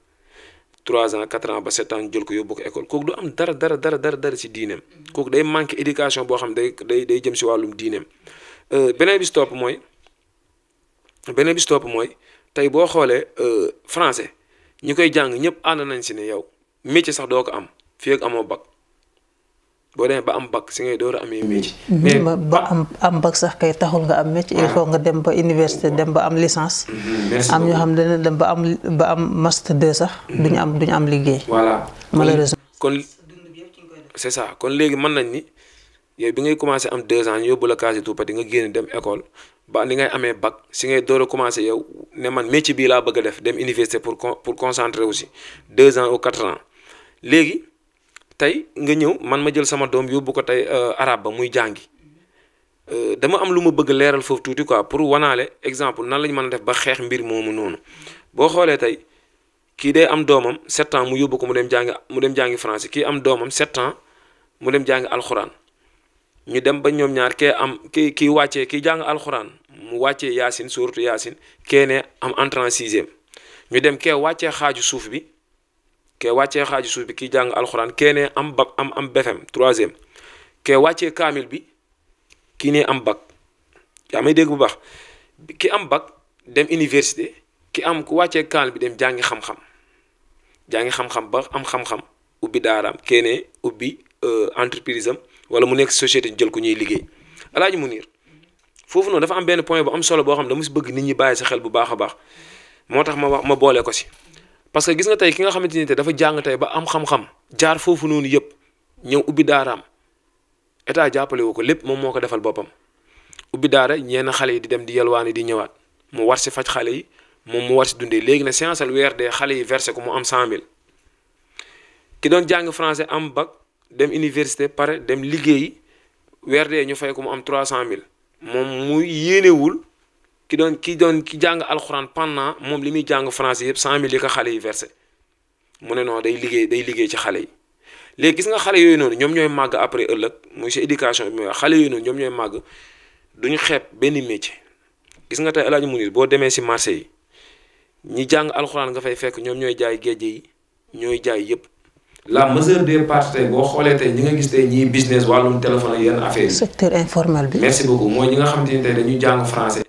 3 ans 4 ans ba 7 ans jël ko yóbbu ko école kooku du am dara dara dara dara dara si diineem kooku manqué éducation boo xam day day day jëm si wàllum diineem Euh, beneen bi si topp mooy beneen bi si topp mooy tey boo xoolee euh, français ñi koy jàng ñëpp ànd nañ si ne yow métier sax doo ko am fii ak amoo bac boo demee ba am bac si ngay door a amee métier. Mm-hmm. mais
ba am am bac sax kay taxul nga am métier. il faut ah. nga dem ba université dem ba am licence. Mm-hmm. am ñoo xam ne dem ba am ba am master 2 sax. Mm-hmm. duñu am duñu am liggéey. voilà malheureusement.
kon c'est ça kon léegi mën nañ ni. yow bi ngay commencé am deux ans yóbbu la case tout petit nga génn dem école ba li ngay amee bac si ngay door a commencé yow ne man métier bii laa bëgg a def dem université pour pour concentrer aussi deux ans ou quatre ans léegi tey nga ñëw man ma jël sama doom yóbbu ko tey euh, arabe ba muy jàngi euh, dama am lu ma bëgg leeral foofu tuuti quoi pour wanaale exemple nan lañ mën a def ba xeex mbir moomu noonu boo xoolee tey kii day am doomam sept ans mu yóbbu ko mu dem jàngi mu dem jàngi français kii am doomam sept ans mu dem jàngi alxuraan. ñu dem ba ñoom ñaar kee am ki kii wàccee ki jàng alxuraan mu wàccee yaasin surtout yaasin kee ne am entrée en ñu dem kee wàccee xaaju suuf bi kee wàccee xaaju suuf bi ki jàng alxuraan kee am bac am am BFEM troisième kee wàccee kaamil bi kii ne am bac yaa may dégg bu baax ki am bac dem université ki am ku wàccee kaamil bi dem jàngi xam-xam jàngi xam-xam ba am xam-xam ubbi daaraam kee ne ubbi euh, entreprise am wala mu nekk société jël ko ñuy liggéey alaaji Munir foofu noonu dafa am benn point bu am solo boo xam ne dama si bëgg nit ñi bàyyi sa xel bu baax a baax moo tax ma wax ma boole ko si parce que gis nga tey ki nga xamante ni te dafa jàng tey ba am xam-xam jaar foofu noonu yëpp ñëw ubbi daaraam état jàppale woo ko lépp moom moo ko defal boppam ubbi daara ñenn xale yi di dem di yalwaani di ñëwaat mu war si faj xale yi moom mu war si dundee léegi na séance al weer dee xale yi versé ko mu am 100000 ki doon jàng français am bac dem université pare dem liggéey weer de ñu fay ko mu am trois cent mille moom muy yéenewul ki doon ki doon ki jàng alxuraan pendant moom li muy jàng français yëpp cent mille yi xale yi verse mu ne non day liggéey day liggéey ci xale yi léegi gis nga xale yooyu noonu ñoom ñooy màgg après ëllëg muy si éducation xale yooyu noonu ñoom ñooy màgg ñu xeeb benn métier gis nga te El Hadj Mounir boo demee si marché yi ñi jàng alxuraan nga fay fekk ñoom ñooy jaay géej yi ñooy jaay yëpp. la mesure des parties tey boo xoolee tey ñi nga gis tey ñiy business wàllum téléphone ak yenn affaire yi. secteur informel bi. merci beaucoup mooy ñi nga xamante ni tey dañuy jàng français.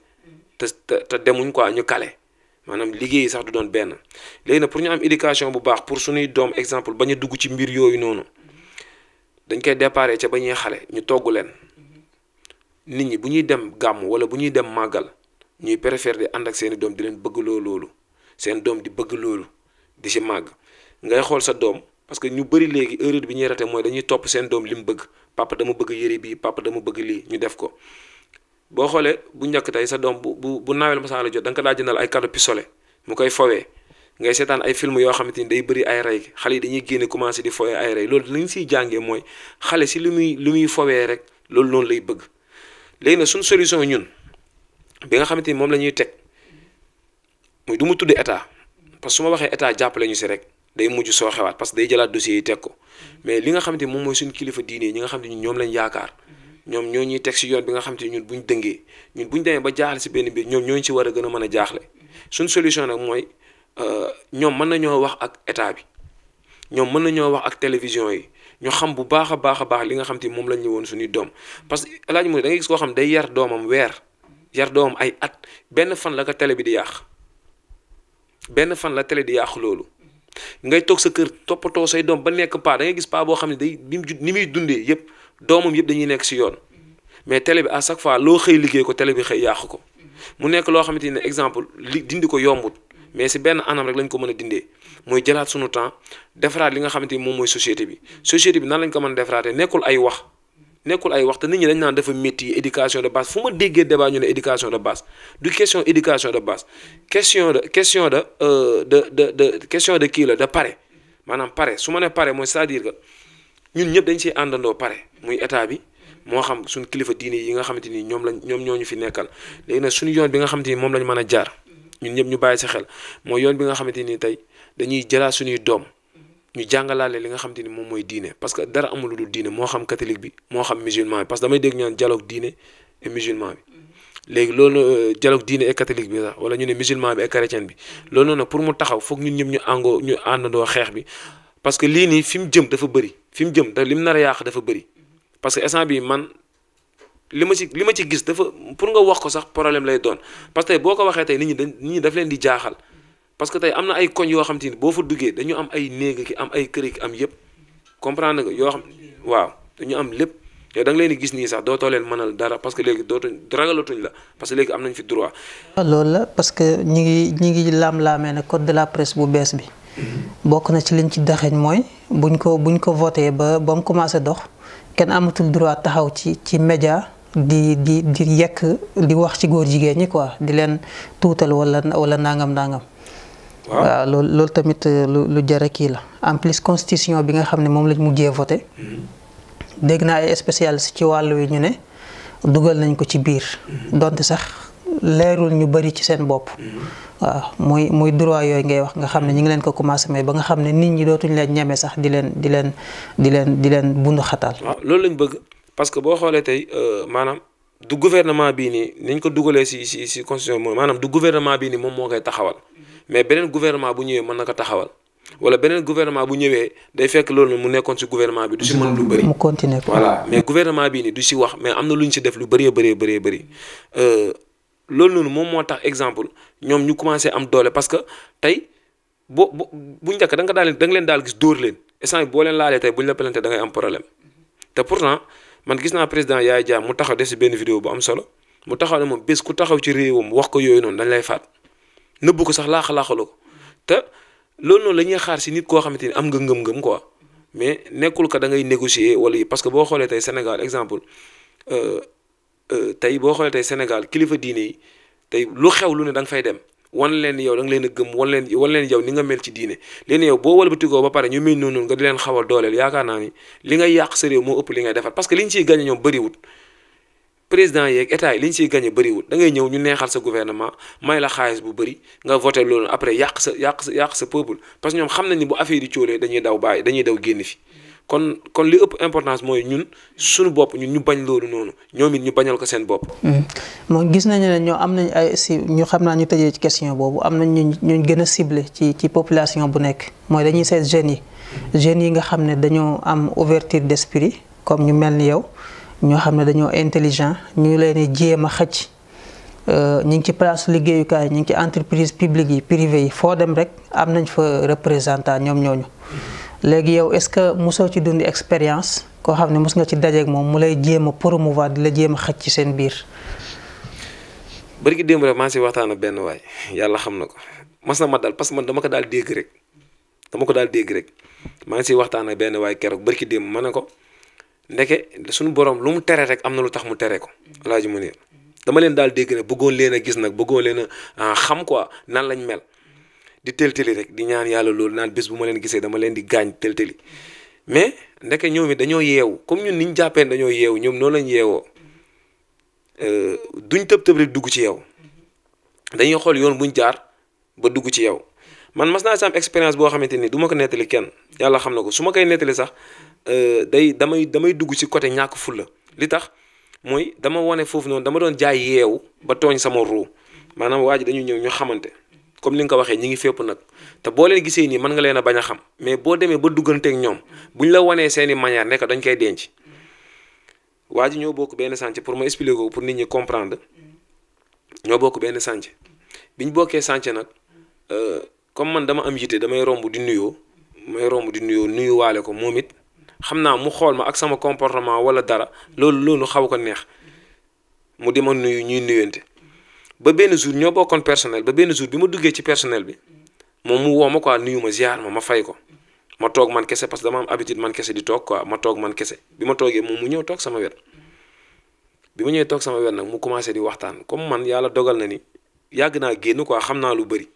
te te demuñ quoi ñu kale maanaam liggéey sax du doon benn léegi nag pour ñu am éducation bu baax pour suñuy doom exemple bañ a dugg ci mbir yooyu noonu dañ koy déparé ca ba ñuy xale ñu togg leen nit ñi bu ñuy dem gàmm wala bu ñuy dem màggal ñuy préférer di ànd ak seen i doom di leen bëgg loolu seen doom di bëgg loolu di si màgg ngay xool sa doom. parce que ñu bëri léegi erreur bi ñuy rate mooy dañuy topp seen doom li mu bëgg papa dama bëgg yére bii papa dama bëgg lii ñu def ko boo xoolee bu njëkk tey sa doom bu bu bu naawel ma saa la jot da nga ko daa jëndal ay cadeau pistolet mu koy fowee ngay seetaan ay film yoo xamante ni day bëri ay rey xale yi dañuy génne commencé di fowee ay rey loolu li ñu siy jàngee mooy xale si li muy li muy fowee rek loolu loolu lay bëgg léegi nag suñ solution ñun bi nga xamante ni moom la ñuy teg muy du mu tudd état parce ma waxee état jàppale ñu si rek day mujj soo xewaat parce que day jëlaat dossier yi teg ko mais li nga xamante ni moom mooy suñu kilifa diine ñi nga xam ne ñun ñoom lañ yaakaar ñoom ñoo ñuy teg si yoon bi nga xamante ni ñun buñ dëngee ñun buñ demee ba jaaxle si benn mbir ñoom ñooñu a gën suñ solution nag mooy euh, ñoom mën nañoo wax ak état bi ñoom mën nañoo wax ak télévision yi ñu xam bu baax a baax a baax li nga xam ti moom lañ ñu woon suñuy doom parce que El Hadj Mourid da ngay gis koo xam day yar doomam weer yar doomam ay at benn fan la ko télé di yàq benn fan la télé di loolu ngay toog sa kër toppatoo say doom ba nekk paa da gis paa boo xam ne day ni mu ni muy dundee yëpp doomam yëpp dañuy nekk si yoon mais télé bi à chaque fois loo xëy liggéey ko télé bi xëy yàq ko mu nekk loo xamante ne exemple li dindi ko yombut mais si benn anam rek lañ ko mën a dindee mooy jëlaat sunu temps defaraat li nga xamante ni moom mooy société bi société bi nan lañ ko mën a defaraatee nekkul ay wax. nekkul ay wax nit ñi dañ naan dafa métti éducation de base fu ma déggee débat ñu ne éducation de base du question éducation de base question de question de euh, de de question de kii la de pare maanaam pare su ma ne pare mooy c'est-à-dire ñun ñëpp dañ si àndandoo pare muy état bi moo xam suñ kilifa diini yi nga xamante ni ñoom lañ ñoom ñoo ñu fi nekkal léegi nag suñu yoon bi nga xam xamante ni moom lañ mën a jaar ñun ñëpp ñu bàyyi sa xel mooy yoon bi nga xamante nii tey dañuy jëlaat suñuy doom. ñu jàngalaale li nga xam te ni moom mooy diine parce que dara amul lu diine moo xam catholique bi moo xam musulman bi parce que damay dégg ñaan dialogue diine et musulman bi léegi loolu dialogue diine et catholique bi sax wala ñu ne musulman bi et chrétien bi loolu noonu nag pour mu taxaw foog ñun ñëpp ñu àngoo ñu àndandoo xeex bi parce que lii nii fi mu jëm dafa bëri fi mu jëm da li mu nar a yàq dafa bëri parce que instant bi man li ma ci li ma ci gis dafa pour nga wax ko sax problème lay doon parce que boo ko waxee tey nit ñi dañ nit ñi daf leen di jaaxal parce que tey am na ay koñ yoo xam te fa duggee dañu am ay néeg ki am ay kër am yëpp comprendre nga yoo xam waaw dañu am lépp yow da nga leen di gis nii sax dootoo leen mënal dara parce que léegi dootuñ ragalatuñ la parce que léegi am nañ fi droit.
Ah, loolu la parce que ñi ngi ñi ngi laam-laamee ne code de la presse bu bees bi. bokk na ci liñ ci daxeñ mooy buñ ko buñ ko voté ba ba mu commencé dox kenn amatul droit taxaw ci ci média di di di yekk di wax ci góor jigéen ñi quoi di leen tuutal wala wala nangam nangam. waaw loolu loolu tamit euh, lu lu jara kii la en plus constitution bi nga xam ne moom lañ mujjee voté mm-hmm. dégg naa ay spécialiste ci wàll wi ñu ne dugal nañ ko ci biir mm-hmm. donte sax leerul ñu bari ci seen bopp mm-hmm. waaw muy muy droit yooyu ngay wax nga xam ne ñu ngi leen ko commencé may ba nga xam ne nit ñi dootuñ leen ñeme sax di leen di leen di leen di leen bundu xataal waaw
loolu lañ bëgg parce que boo xoolee tey euh, maanaam du gouvernement bii nii niñ ko dugalee si si si constitution bi maanaam du gouvernement bii nii moo koy taxawal mais le gouvernement bu ñëwee ko taxawal wala gouvernement bu ñëwee day fekk loolu mu nekkoon ci gouvernement bi du si mën lu bëri. mu
continuer voilà
mais gouvernement fait que du si wax mais am na lu si def lu bëri bëri bëri bëri. loolu exemple ñoom ñu commencé am doole parce que tay boo bu bu njëkk da nga daal da nga leen daal gis dóor leen instant boo leen laalee tey bu ñu la plante da ngay am problème te pourtant man gis naa président Yaya Dia mu taxaw def si benn vidéo bu am solo mu taxaw ne moom bés ku taxaw ci réewam wax ko yooyu noonu dañ lay nëbbu ko sax laaxa-laaxalu ko te loolu noonu la ñuy xaar si nit koo xamante ni am nga ngëm-ngëm quoi mais nekkul que da ngay négocier wala yi parce que boo xoolee tey Sénégal exemple euh, euh, tey boo xoolee tey Sénégal kilifa diine yi tey lu xew lu ne da nga fay dem wan leen yow da leen a gëm wan leen wan leen yow ni nga mel ci diine léegi yow boo walbatikoo ba pare ñu mel noonu nga di leen xawal dooleel yaakaar naa ni li ngay yàq sa réew moo ëpp li ngay defar parce que liñ ciy gagné ñoom bëriwut président yeeg état yi li gagné gagné wul da ngay ñëw ñu gouvernement may la bu bari nga voter après yàq sa yàq sa peuple parce que ñoom xam ni bu affaire yi dañuy daw bàyyi dañuy daw génn fi kon kon li ëpp importance mooy ñun suñu bopp ñun ñu bañ loolu noonu ñoom it ñu bañal ko seen bopp.
avons, hmm. gis nañu ne ñoo am nañ ay ñu xam ñu ci question boobu am nañ ñu ñu ci population bu nekk mooy dañuy seet jeunes yi jeunes yi nga dañoo am ouverture comme nous mel ñoo xam ne dañoo intelligent ñu leen di jéem a xëcc euh, ñu ngi ci place liggéeyukaay ñu ngi ci entreprise publique yi privé yi foo dem rek am nañ fa représentant ñoom ñooñu. léegi yow est-ce que mosoo ci dundi expérience koo xam ne mos nga ci dajeeg moom mu lay jéem a promouvoir di la jéem a xëcc ci seen biir.
bari ki démb rek maa si waxtaan benn waay yàlla xam na ko mas ma dal parce que man dama ko daal dégg rek dama ko daal dégg rek maa ngi siy waxtaan ak benn waay keroog bari ki démb ma ne ko. ndeke suñu boroom lu mu tere rek am na lu tax mu tere ko alaaji ma ne dama leen daal dégg ne bëggoon leen gis nag bëggoon leen a xam quoi nan lañ mel di tëltëli rek di ñaan yàlla loolu naan bés bu ma leen gisee dama leen di gaañ tëltëli mais ndeke ñoom it dañoo yeewu comme ñun ni ñu jàppee dañoo yeewu ñoom noonu lañ yeewoo euh, duñ tëb tëb rek dugg ci yow dañuy xool yoon ñu jaar ba dugg ci yow man mas naa si am expérience boo xamante ni duma ko nettali kenn yàlla xam na ko su ma koy nettali sax. Euh, day damay damay dugg ci côté ñàkk fulla li tax mooy dama wane foofu noonu dama doon jaay yeewu ba tooñ sama ruu maanaam waa ji dañuy ñëw ñu xamante comme ni nga ko waxee ñi ngi fépp nag te boo leen gisee nii mën nga leen a bañ a xam mais boo demee ba dugganteek ñoom ñu la wanee seeni manière nekk dañ koy denc waa ji ñoo bokk benn sànce pour ma expliquer ko pour nit ñi comprendre ñoo bokk benn sànce biñ bokkee sànce nag euh, comme man dama am yite damay romb di nuyoo may romb di nuyoo nuyuwaale ko moom it xam naa mu xool ma ak sama comportement wala dara loolu loolu xaw ko neex mu di ma nuyu ñuy nuyante ba benn jour ñoo kon personnel ba benn jour bi ma duggee ci personnel bi moom mu woo ma a nuyu ma ziar ma ma fay ko ma toog man kese parce que dama am man kese di toog quoi ma man kese bi ma toogee moom mu ñëw toog sama wet bi ma ñëwee toog sama wet nag mu commencé di waxtaan comme man yàlla dogal na ni yàgg naa génn quoi xam naa lu bëri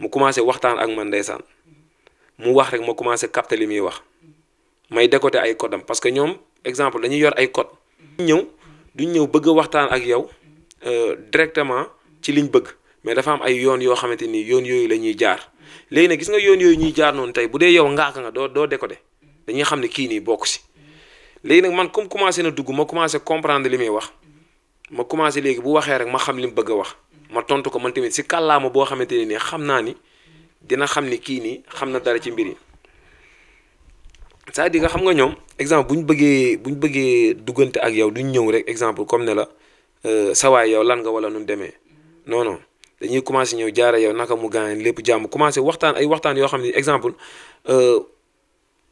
mu commencé waxtaan ak man ndeysaan mu wax rek ma commencé capter li muy wax. may décoté ay code parce que ñoom exemple dañuy yor ay code ñëw duñ ñëw bëgg waxtaan ak yow euh, directement ci liñ bëgg mais dafa am ay yoon yoo xamante ni yoon yooyu la ñuy jaar léegi nag gis nga yoon yooyu ñuy jaar noonu tey bu dee yow ngaaka nga doo doo décoté dañuy xam ne kii nii bokk si léegi nag man comme commencé na dugg ma commencé comprendre li muy wax ma commencé léegi bu waxee rek ma xam li mu bëgg wax ma tontu ko man tamit si kàllaama boo xamante ne nii xam naa ni dina xam ni kii nii xam na dara ci mbir yi c'est-à-dire nga xam nga ñoom exemple bu ñu bëggee bu ñu bëggee duggante ak yow duñ ñëw rek exemple comme ne la euh, sawaay yow lan nga wala nu demee non dañuy commencé ñëw jaara yow naka mu gaañ lépp jàmm commencé waxtaan ay waxtaan yoo xam ne exemple euh,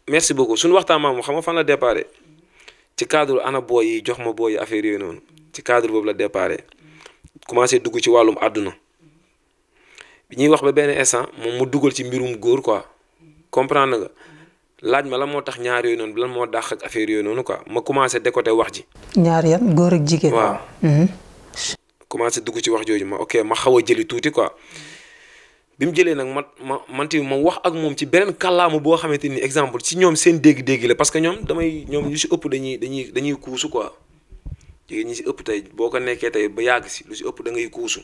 merci beaucoup suñu waxtaan maamu xam nga fan la déparé ci cadre ana booy yi jox ma booy yi affaire yooyu noonu ci cadre boobu la déparé commencé dugg ci wàllum àdduna bi ñuy wax ba benn instant moom mu dugal ci mbirum góor quoi comprendre laaj ma lan moo tax ñaar yooyu noonu lan moo dàq ak affaire yooyu noonu quoi ma commencé décoté wax ji.
ñaar yan góor ak jigéen. waaw. Mhm.
commencé dugg ci wax jooju ma ok ma xaw a jëli tuuti quoi bi mu jëlee nag ma ma man tamit ma wax ak moom ci beneen kàllaama boo xamante ni exemple ci ñoom seen dégg-dégg la parce que ñoom damay ñoom ñu si ëpp dañuy dañuy dañuy kuusu ko jigéen ñi si ëpp tey boo ko nekkee tey ba yàgg si lu si ëpp da ngay kuusu.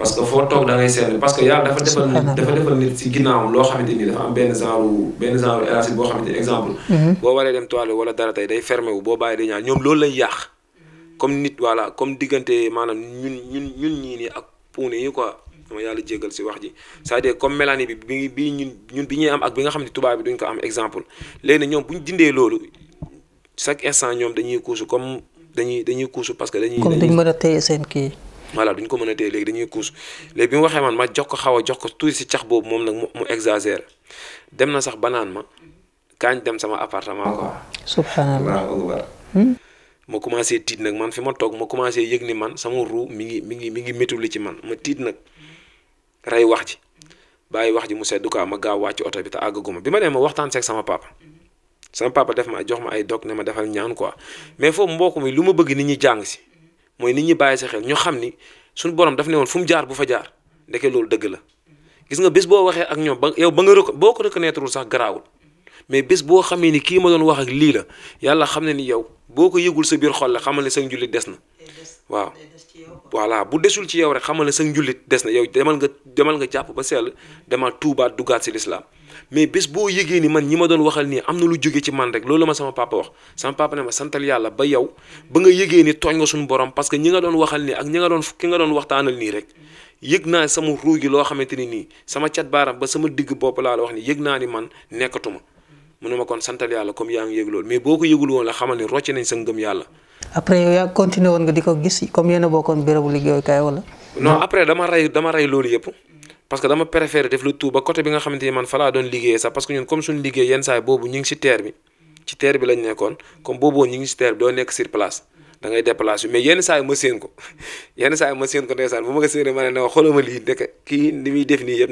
parce que foo toog da ngay parce que yàlla dafa defal dafa defal
nit si ginnaawam loo xamante dafa am benn genre benn boo xamante ni exemple. Mhm. boo waree dem toile wala dara tey day fermé boo bàyyi day ñaar ñii nii ak puune yi quoi si wax ji cest bi bi bi ñun ñun bi ñuy xam ne tubaab bi duñ ko am exemple léegi nag ñoom bu ñu dindee loolu chaque instant ñoom dañuy kuusu comme dañuy dañuy kuusu parce que dañuy. comme dañ
mën a téye seen kii.
voilà duñ ko mën a téye léegi dañuy couche léegi bi mu waxee man ma jox ko xaw a jox ko tuuti si cax boobu moom nag mu exagéré dem na sax banaan ma kaañ dem sama appartement quoi.
subhanallah hmm?
ma commencé tiit nag man fi ma toog ma commencé yëg ni man sama ruu mi ngi mi ngi mi ngi métti li ci man ma tiit nag rey wax ji bàyyi wax ji mu sedd quoi ma gaaw wàcc oto bi te àggaguma bi ma dem ma waxtaan seeg sama papa. sama papa def ma jox ma ay dog ne ma defal ñaan quoi mais foofu mbokk mi lu ma bëgg nit ñi jàng si. mooy nit ñi bàyyi sa xel ñu xam ni suñu borom daf ne woon fu mu jaar bu fa jaar ndeke loolu dëgg la gis nga bés boo waxee ak ñoom ba yow ba nga rek boo ko reconnaître sax garaawul mais bés boo xamee ni kii ma doon wax ak lii la yàlla xam ne ni yow boo ko yëgul sa biir xol la xamal ne sa njullit des na waaw voilà bu desul ci yow rek xamal ne sa njullit des na yow demal nga demal nga jàpp ba sell demal tuubaat dugaat si lislaam mais bés boo yëgee ni man ñi ma doon waxal nii am na lu jóge ci man rek loolu ma sama papa wax sama papa ne ma santal yàlla ba yow ba nga yëgee ni tooñ nga suñu borom parce que ñi nga doon waxal nii ak ñi nga doon ki nga doon waxtaanal nii rek yëg naa sama ruu gi loo ni nii sama cat ba sama digg bopp laa la naa ni man nekkatuma mu ne ma kon santal yàlla comme yaa ngi yëg loolu mais boo ko yëgul woon la xamal ni rocce nañ sa ngëm yàlla.
après yow yaa continué woon nga di ko gis comme yéen a bokkoon bérébu liggéeyukaay wala.
non après dama rey dama rey loolu yëpp parce que dama préféré def le tout ba côté bi nga xamante ni man fa laa doon liggéeyee sax parce que ñun comme suñu liggéey yenn saay boobu ñu ngi ci terre bi ci terre bi lañ nekkoon comme booboo ñu ci terre bi doo nekk sur place da ngay déplacé mais yenn saa yi ma séen ko yenn saa yi ma séen ko ndeysaan bu ma ko séenee ma ne ma lii ndeke kii li muy def nii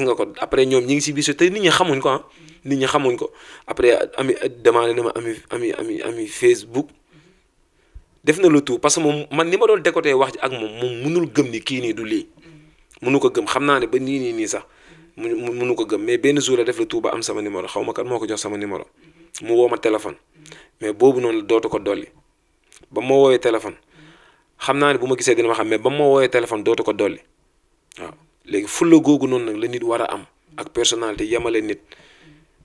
nga ko après ñoom ñi ngi si bisu te nit ñi ko ah nit ñi xamuñ ko après ami demandé na ma ami ami ami ami Facebook def na le tout parce que moom man ni ma doon décoté wax ji ak moom moom mënul gëm ni kii nii du lii munu ko gëm xam naa ne ba nii nii nii sax munu ko gëm mais benn jour la def la Touba am sama numéro xaw ma kat moo ko jox sama numéro mu woo ma téléphone mais boobu noonu dootu ko dolli ba ma woowee téléphone xam naa ne bu ma gisee dina ma xam mais ba ma woowee téléphone dootu ko dolli waaw léegi fulla googu noonu nag la nit war a am ak personnalité yemale nit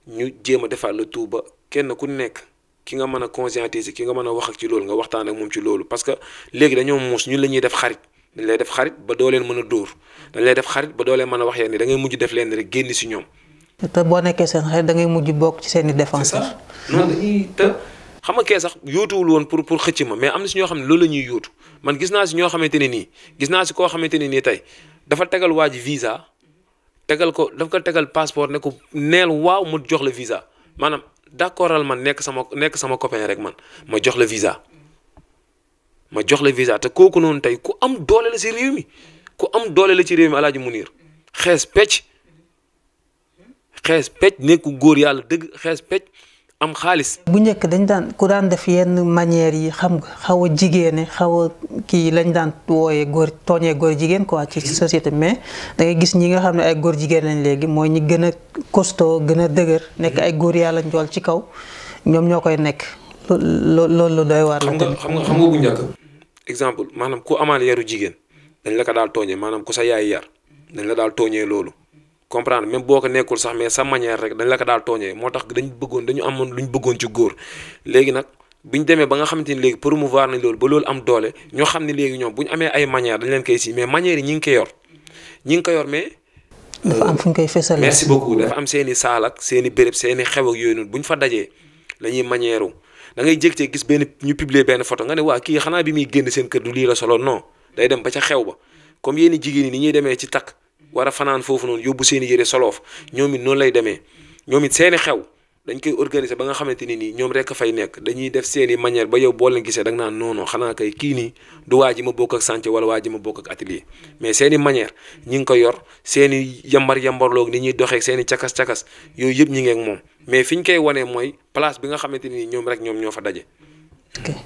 ñu jéem a defaat la Touba kenn ku nekk ki nga mën a conscientiser ki nga mën a wax ak ci loolu nga waxtaan ak moom ci loolu parce que léegi dañoo muus ñu la ñuy def xarit. dañ lay def xarit ba doo leen mën a dóor dañ lay def xarit ba doo leen mën a wax yenn dangay ngay mujj def leen rek génn si ñoom.
te boo nekkee seen xarit da ngay mujj bokk ci seen i défense.
non xam nga kee sax woon pour pour xëcc ma mais am na si ñoo xam ne loolu la ñuy yootu man gis naa si ñoo xamante ne nii gis naa si koo xamante ne nii tey dafa tegal waa ji visa tegal ko daf ko tegal passeport ne ko neel waaw mu jox la visa maanaam d'accordal man nekk sama nekk sama copain rek man ma jox la visa. ma jox la visa te kooku noonu tey ku am doole la si réew mi ku am doole la ci réew mi alaaji Munir xees pecc xees pecc nekku góor yàlla dëgg xees pecc am xaalis. bu
njëkk dañ daan ku daan def yenn manière yi xam nga xaw a jigéene xaw a kii lañ daan wooyee góor tooñee góor jigéen quoi ci société mais dangay gis ñi nga xam ne ay góor jigéen lañ léegi mooy ñi gën a costaud gën a dëgër nekk ay góor yàlla njool ci kaw ñoom ñoo koy nekk. loolu loolu doy waar la. xam nga xam nga xam nga bu njëkk.
exemple maanaam ku amaal yaru jigéen dañ la ko daal tooñee maanaam ku sa yaay yar dañ la daal tooñee loolu comprendre même boo ko nekkul sax mais sa manière rek dañ la ko daal tooñee moo tax dañ bëggoon dañu amoon lu ñu bëggoon ci góor léegi nag. bi ñu demee ba nga xamante ni léegi promouvoir nañ loolu ba loolu am doole ñoo xam ne léegi ñoom bu ñu amee ay manière dañ leen koy si mais manière yi ñi ngi koy yor ñi ngi ko yor mais.
dafa am fu ñu koy fësal merci beaucoup dafa am
seeni i saal ak seeni i béréb seen i yooyu bu ñu fa dajee la ñuy manière dangay da ngay jékki gis benn ñu publier benn photo nga ne waa kii xanaa bi muy génn seen kër du lii la solo no day dem ba ca xew ba comme yenn jigéen ñi ni ñuy demee ci takk war a fanaan foofu noonu yóbbu seen i yére soloof ñoom it noonu lay demee ñoom seeni xew dañ koy organiser ba nga xamanteni ni ñom rek fay nek dañuy def seeni manière ba yow bo leen gisee da nga non non xanaa kay ki ni du waji ji ma bok ak wala waji ma bok ak atelier mais seeni manière ñi ngi ko yor seeni yambar log ni ñi doxé seeni cakas-cakas yoy yeb ñi ngi ak mom mais fiñ koy wone moy place bi nga xamanteni ni ñom rek ñom ñofa fa daje
ok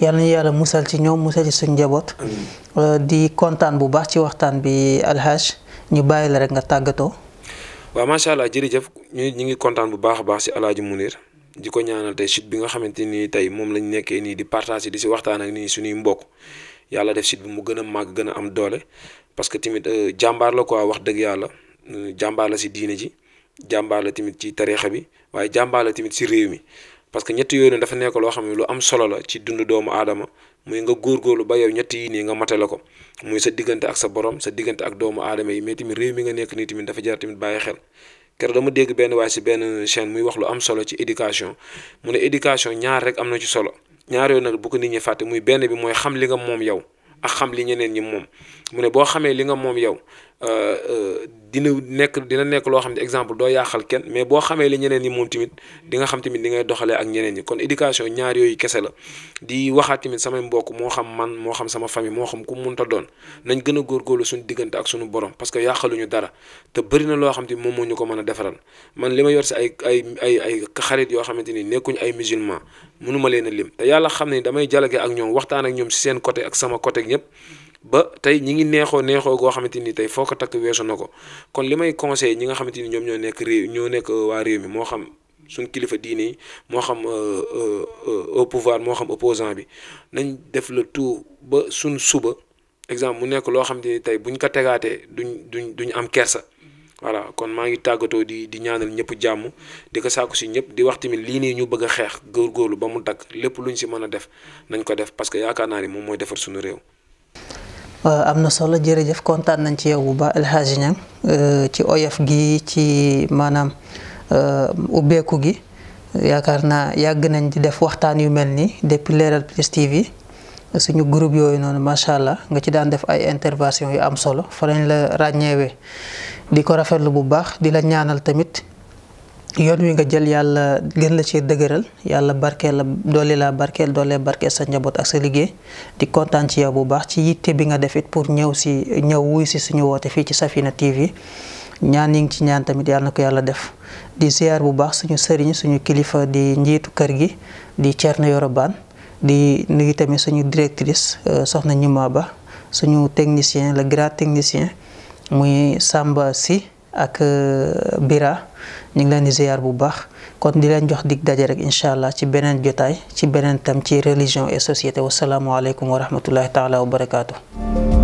yal nañu musal ci ñom musal ci suñu jabot euh, di contane bu baax ci waxtan bi alhaj ñu bayil rek nga tagato
waaw macha allah jërëjëf ñu ñu ngi kontaan bu baax a baax si Alaaji Munir di ko ñaanal tey site bi nga xamante ni tey moom lañ nekkee nii di partager di si waxtaan ak nii suñuy mbokk yàlla def site bi mu gën a màgg gën a am doole parce que tamit euh, jàmbaar la quoi wax dëgg yàlla euh, jàmbaar la si diine ji jàmbaar la tamit ci tariixa bi waaye jàmbaar la tamit si réew mi parce que ñett yooyu dafa nekk loo xam ne lu am solo la ci dund doomu aadama muy nga góorgóorlu ba yow ñett yi nii nga matale ko muy sa diggante ak sa borom sa diggante ak doomu aadama yi mais tamit réew mi nga nekk nii tamit dafa jar tamit bàyyi xel keroog dama dégg benn waay si benn chaîne muy wax lu am solo ci éducation mu ne éducation ñaar rek am na ci solo ñaar yooyu nag bu ko nit ñi fàtte muy benn bi mooy xam li nga moom yow ak xam li ñeneen ñi moom mu ne boo xamee li nga moom yow Euh, euh, dina nekk dina nekk loo xam ne exemple doo yàqal kenn mais boo xamee li ñeneen yi moom tamit di nga xam tamit di ngay doxalee ak ñeneen ñi kon éducation ñaar yooyu kese la di waxaat tamit samay mbokk moo xam man moo xam sama famille moo xam ku munta doon nañ gën a góorgóorlu suñu diggante ak suñu borom parce que yàqaluñu dara te bëri na loo xam te moom moo ñu ko mën a defaral man li ma yor si ay ay ay ay xarit yoo xamante ni nekkuñ ay musulman mënuma leen a lim yàlla xam ne damay jalage ak ñoom waxtaan ak ñoom si seen côté ak sama côté ñëpp ba tey ñi ngi neexoo neexoo goo xamante nii tey foo ko takk weesu na ko kon li may conseillé ñi nga xamante ni ñoom ñoo nekk réew ñoo nekk euh, waa réew mi moo xam suñ kilifa diine yi moo xam euh, euh, au moo xam opposant bi nañ def le tout ba suñ suba exemple mu nekk loo xamante ni tey buñ ko tegaatee duñ duñ duñ am kersa voilà kon maa ngi tàggatoo di di ñaanal ñëpp jàmm di ko saaku si ñëpp di wax tamit lii nii ñu bëgg a xeex góorgóorlu ba mu dakk lépp luñ si mën a def nañ ko def parce que yaakaar naa ni moom mooy defar suñu réew
Euh, am na solo jërëjëf kontaan nañ ci yow bu baax El Hadji Niang euh, ci oyof gi ci maanaam euh, ubbeeku gi yaakaar na yàgg nañ di def waxtaan yu mel nii depuis Leral Plus TV suñu groupe yooyu noonu macha allah nga ci daan def ay intervention yu am solo fa lañ la ràññeewee di ko rafetlu bu baax di la ñaanal tamit. yoon wi nga jël yàlla gën la ci dëgëral yàlla barkeel la doole laa barkeel doole barkeel sa njaboot ak sa liggéey di kontaan ci yow bu baax ci yitte bi nga def it pour ñëw si ñëw wuy si suñu woote fii ci Safina TV ñaan yi ngi ci ñaan tamit yàlla na ko yàlla def di ziar bu baax suñu sëriñ suñu kilifa di njiitu kër gi di Thierno Yoro Bane di nuyu tamit suñu directrice euh, soxna Ñuma Ba suñu technicien la grand technicien muy sàmba Si ak euh, Bira ñu ngi leen di ziar bu baax kon di leen jox dig daje rek incha allah ci beneen jotaay ci beneen tam ci religion et société wasalaamualeykum wa rahmatullahi taala wa barakaatu.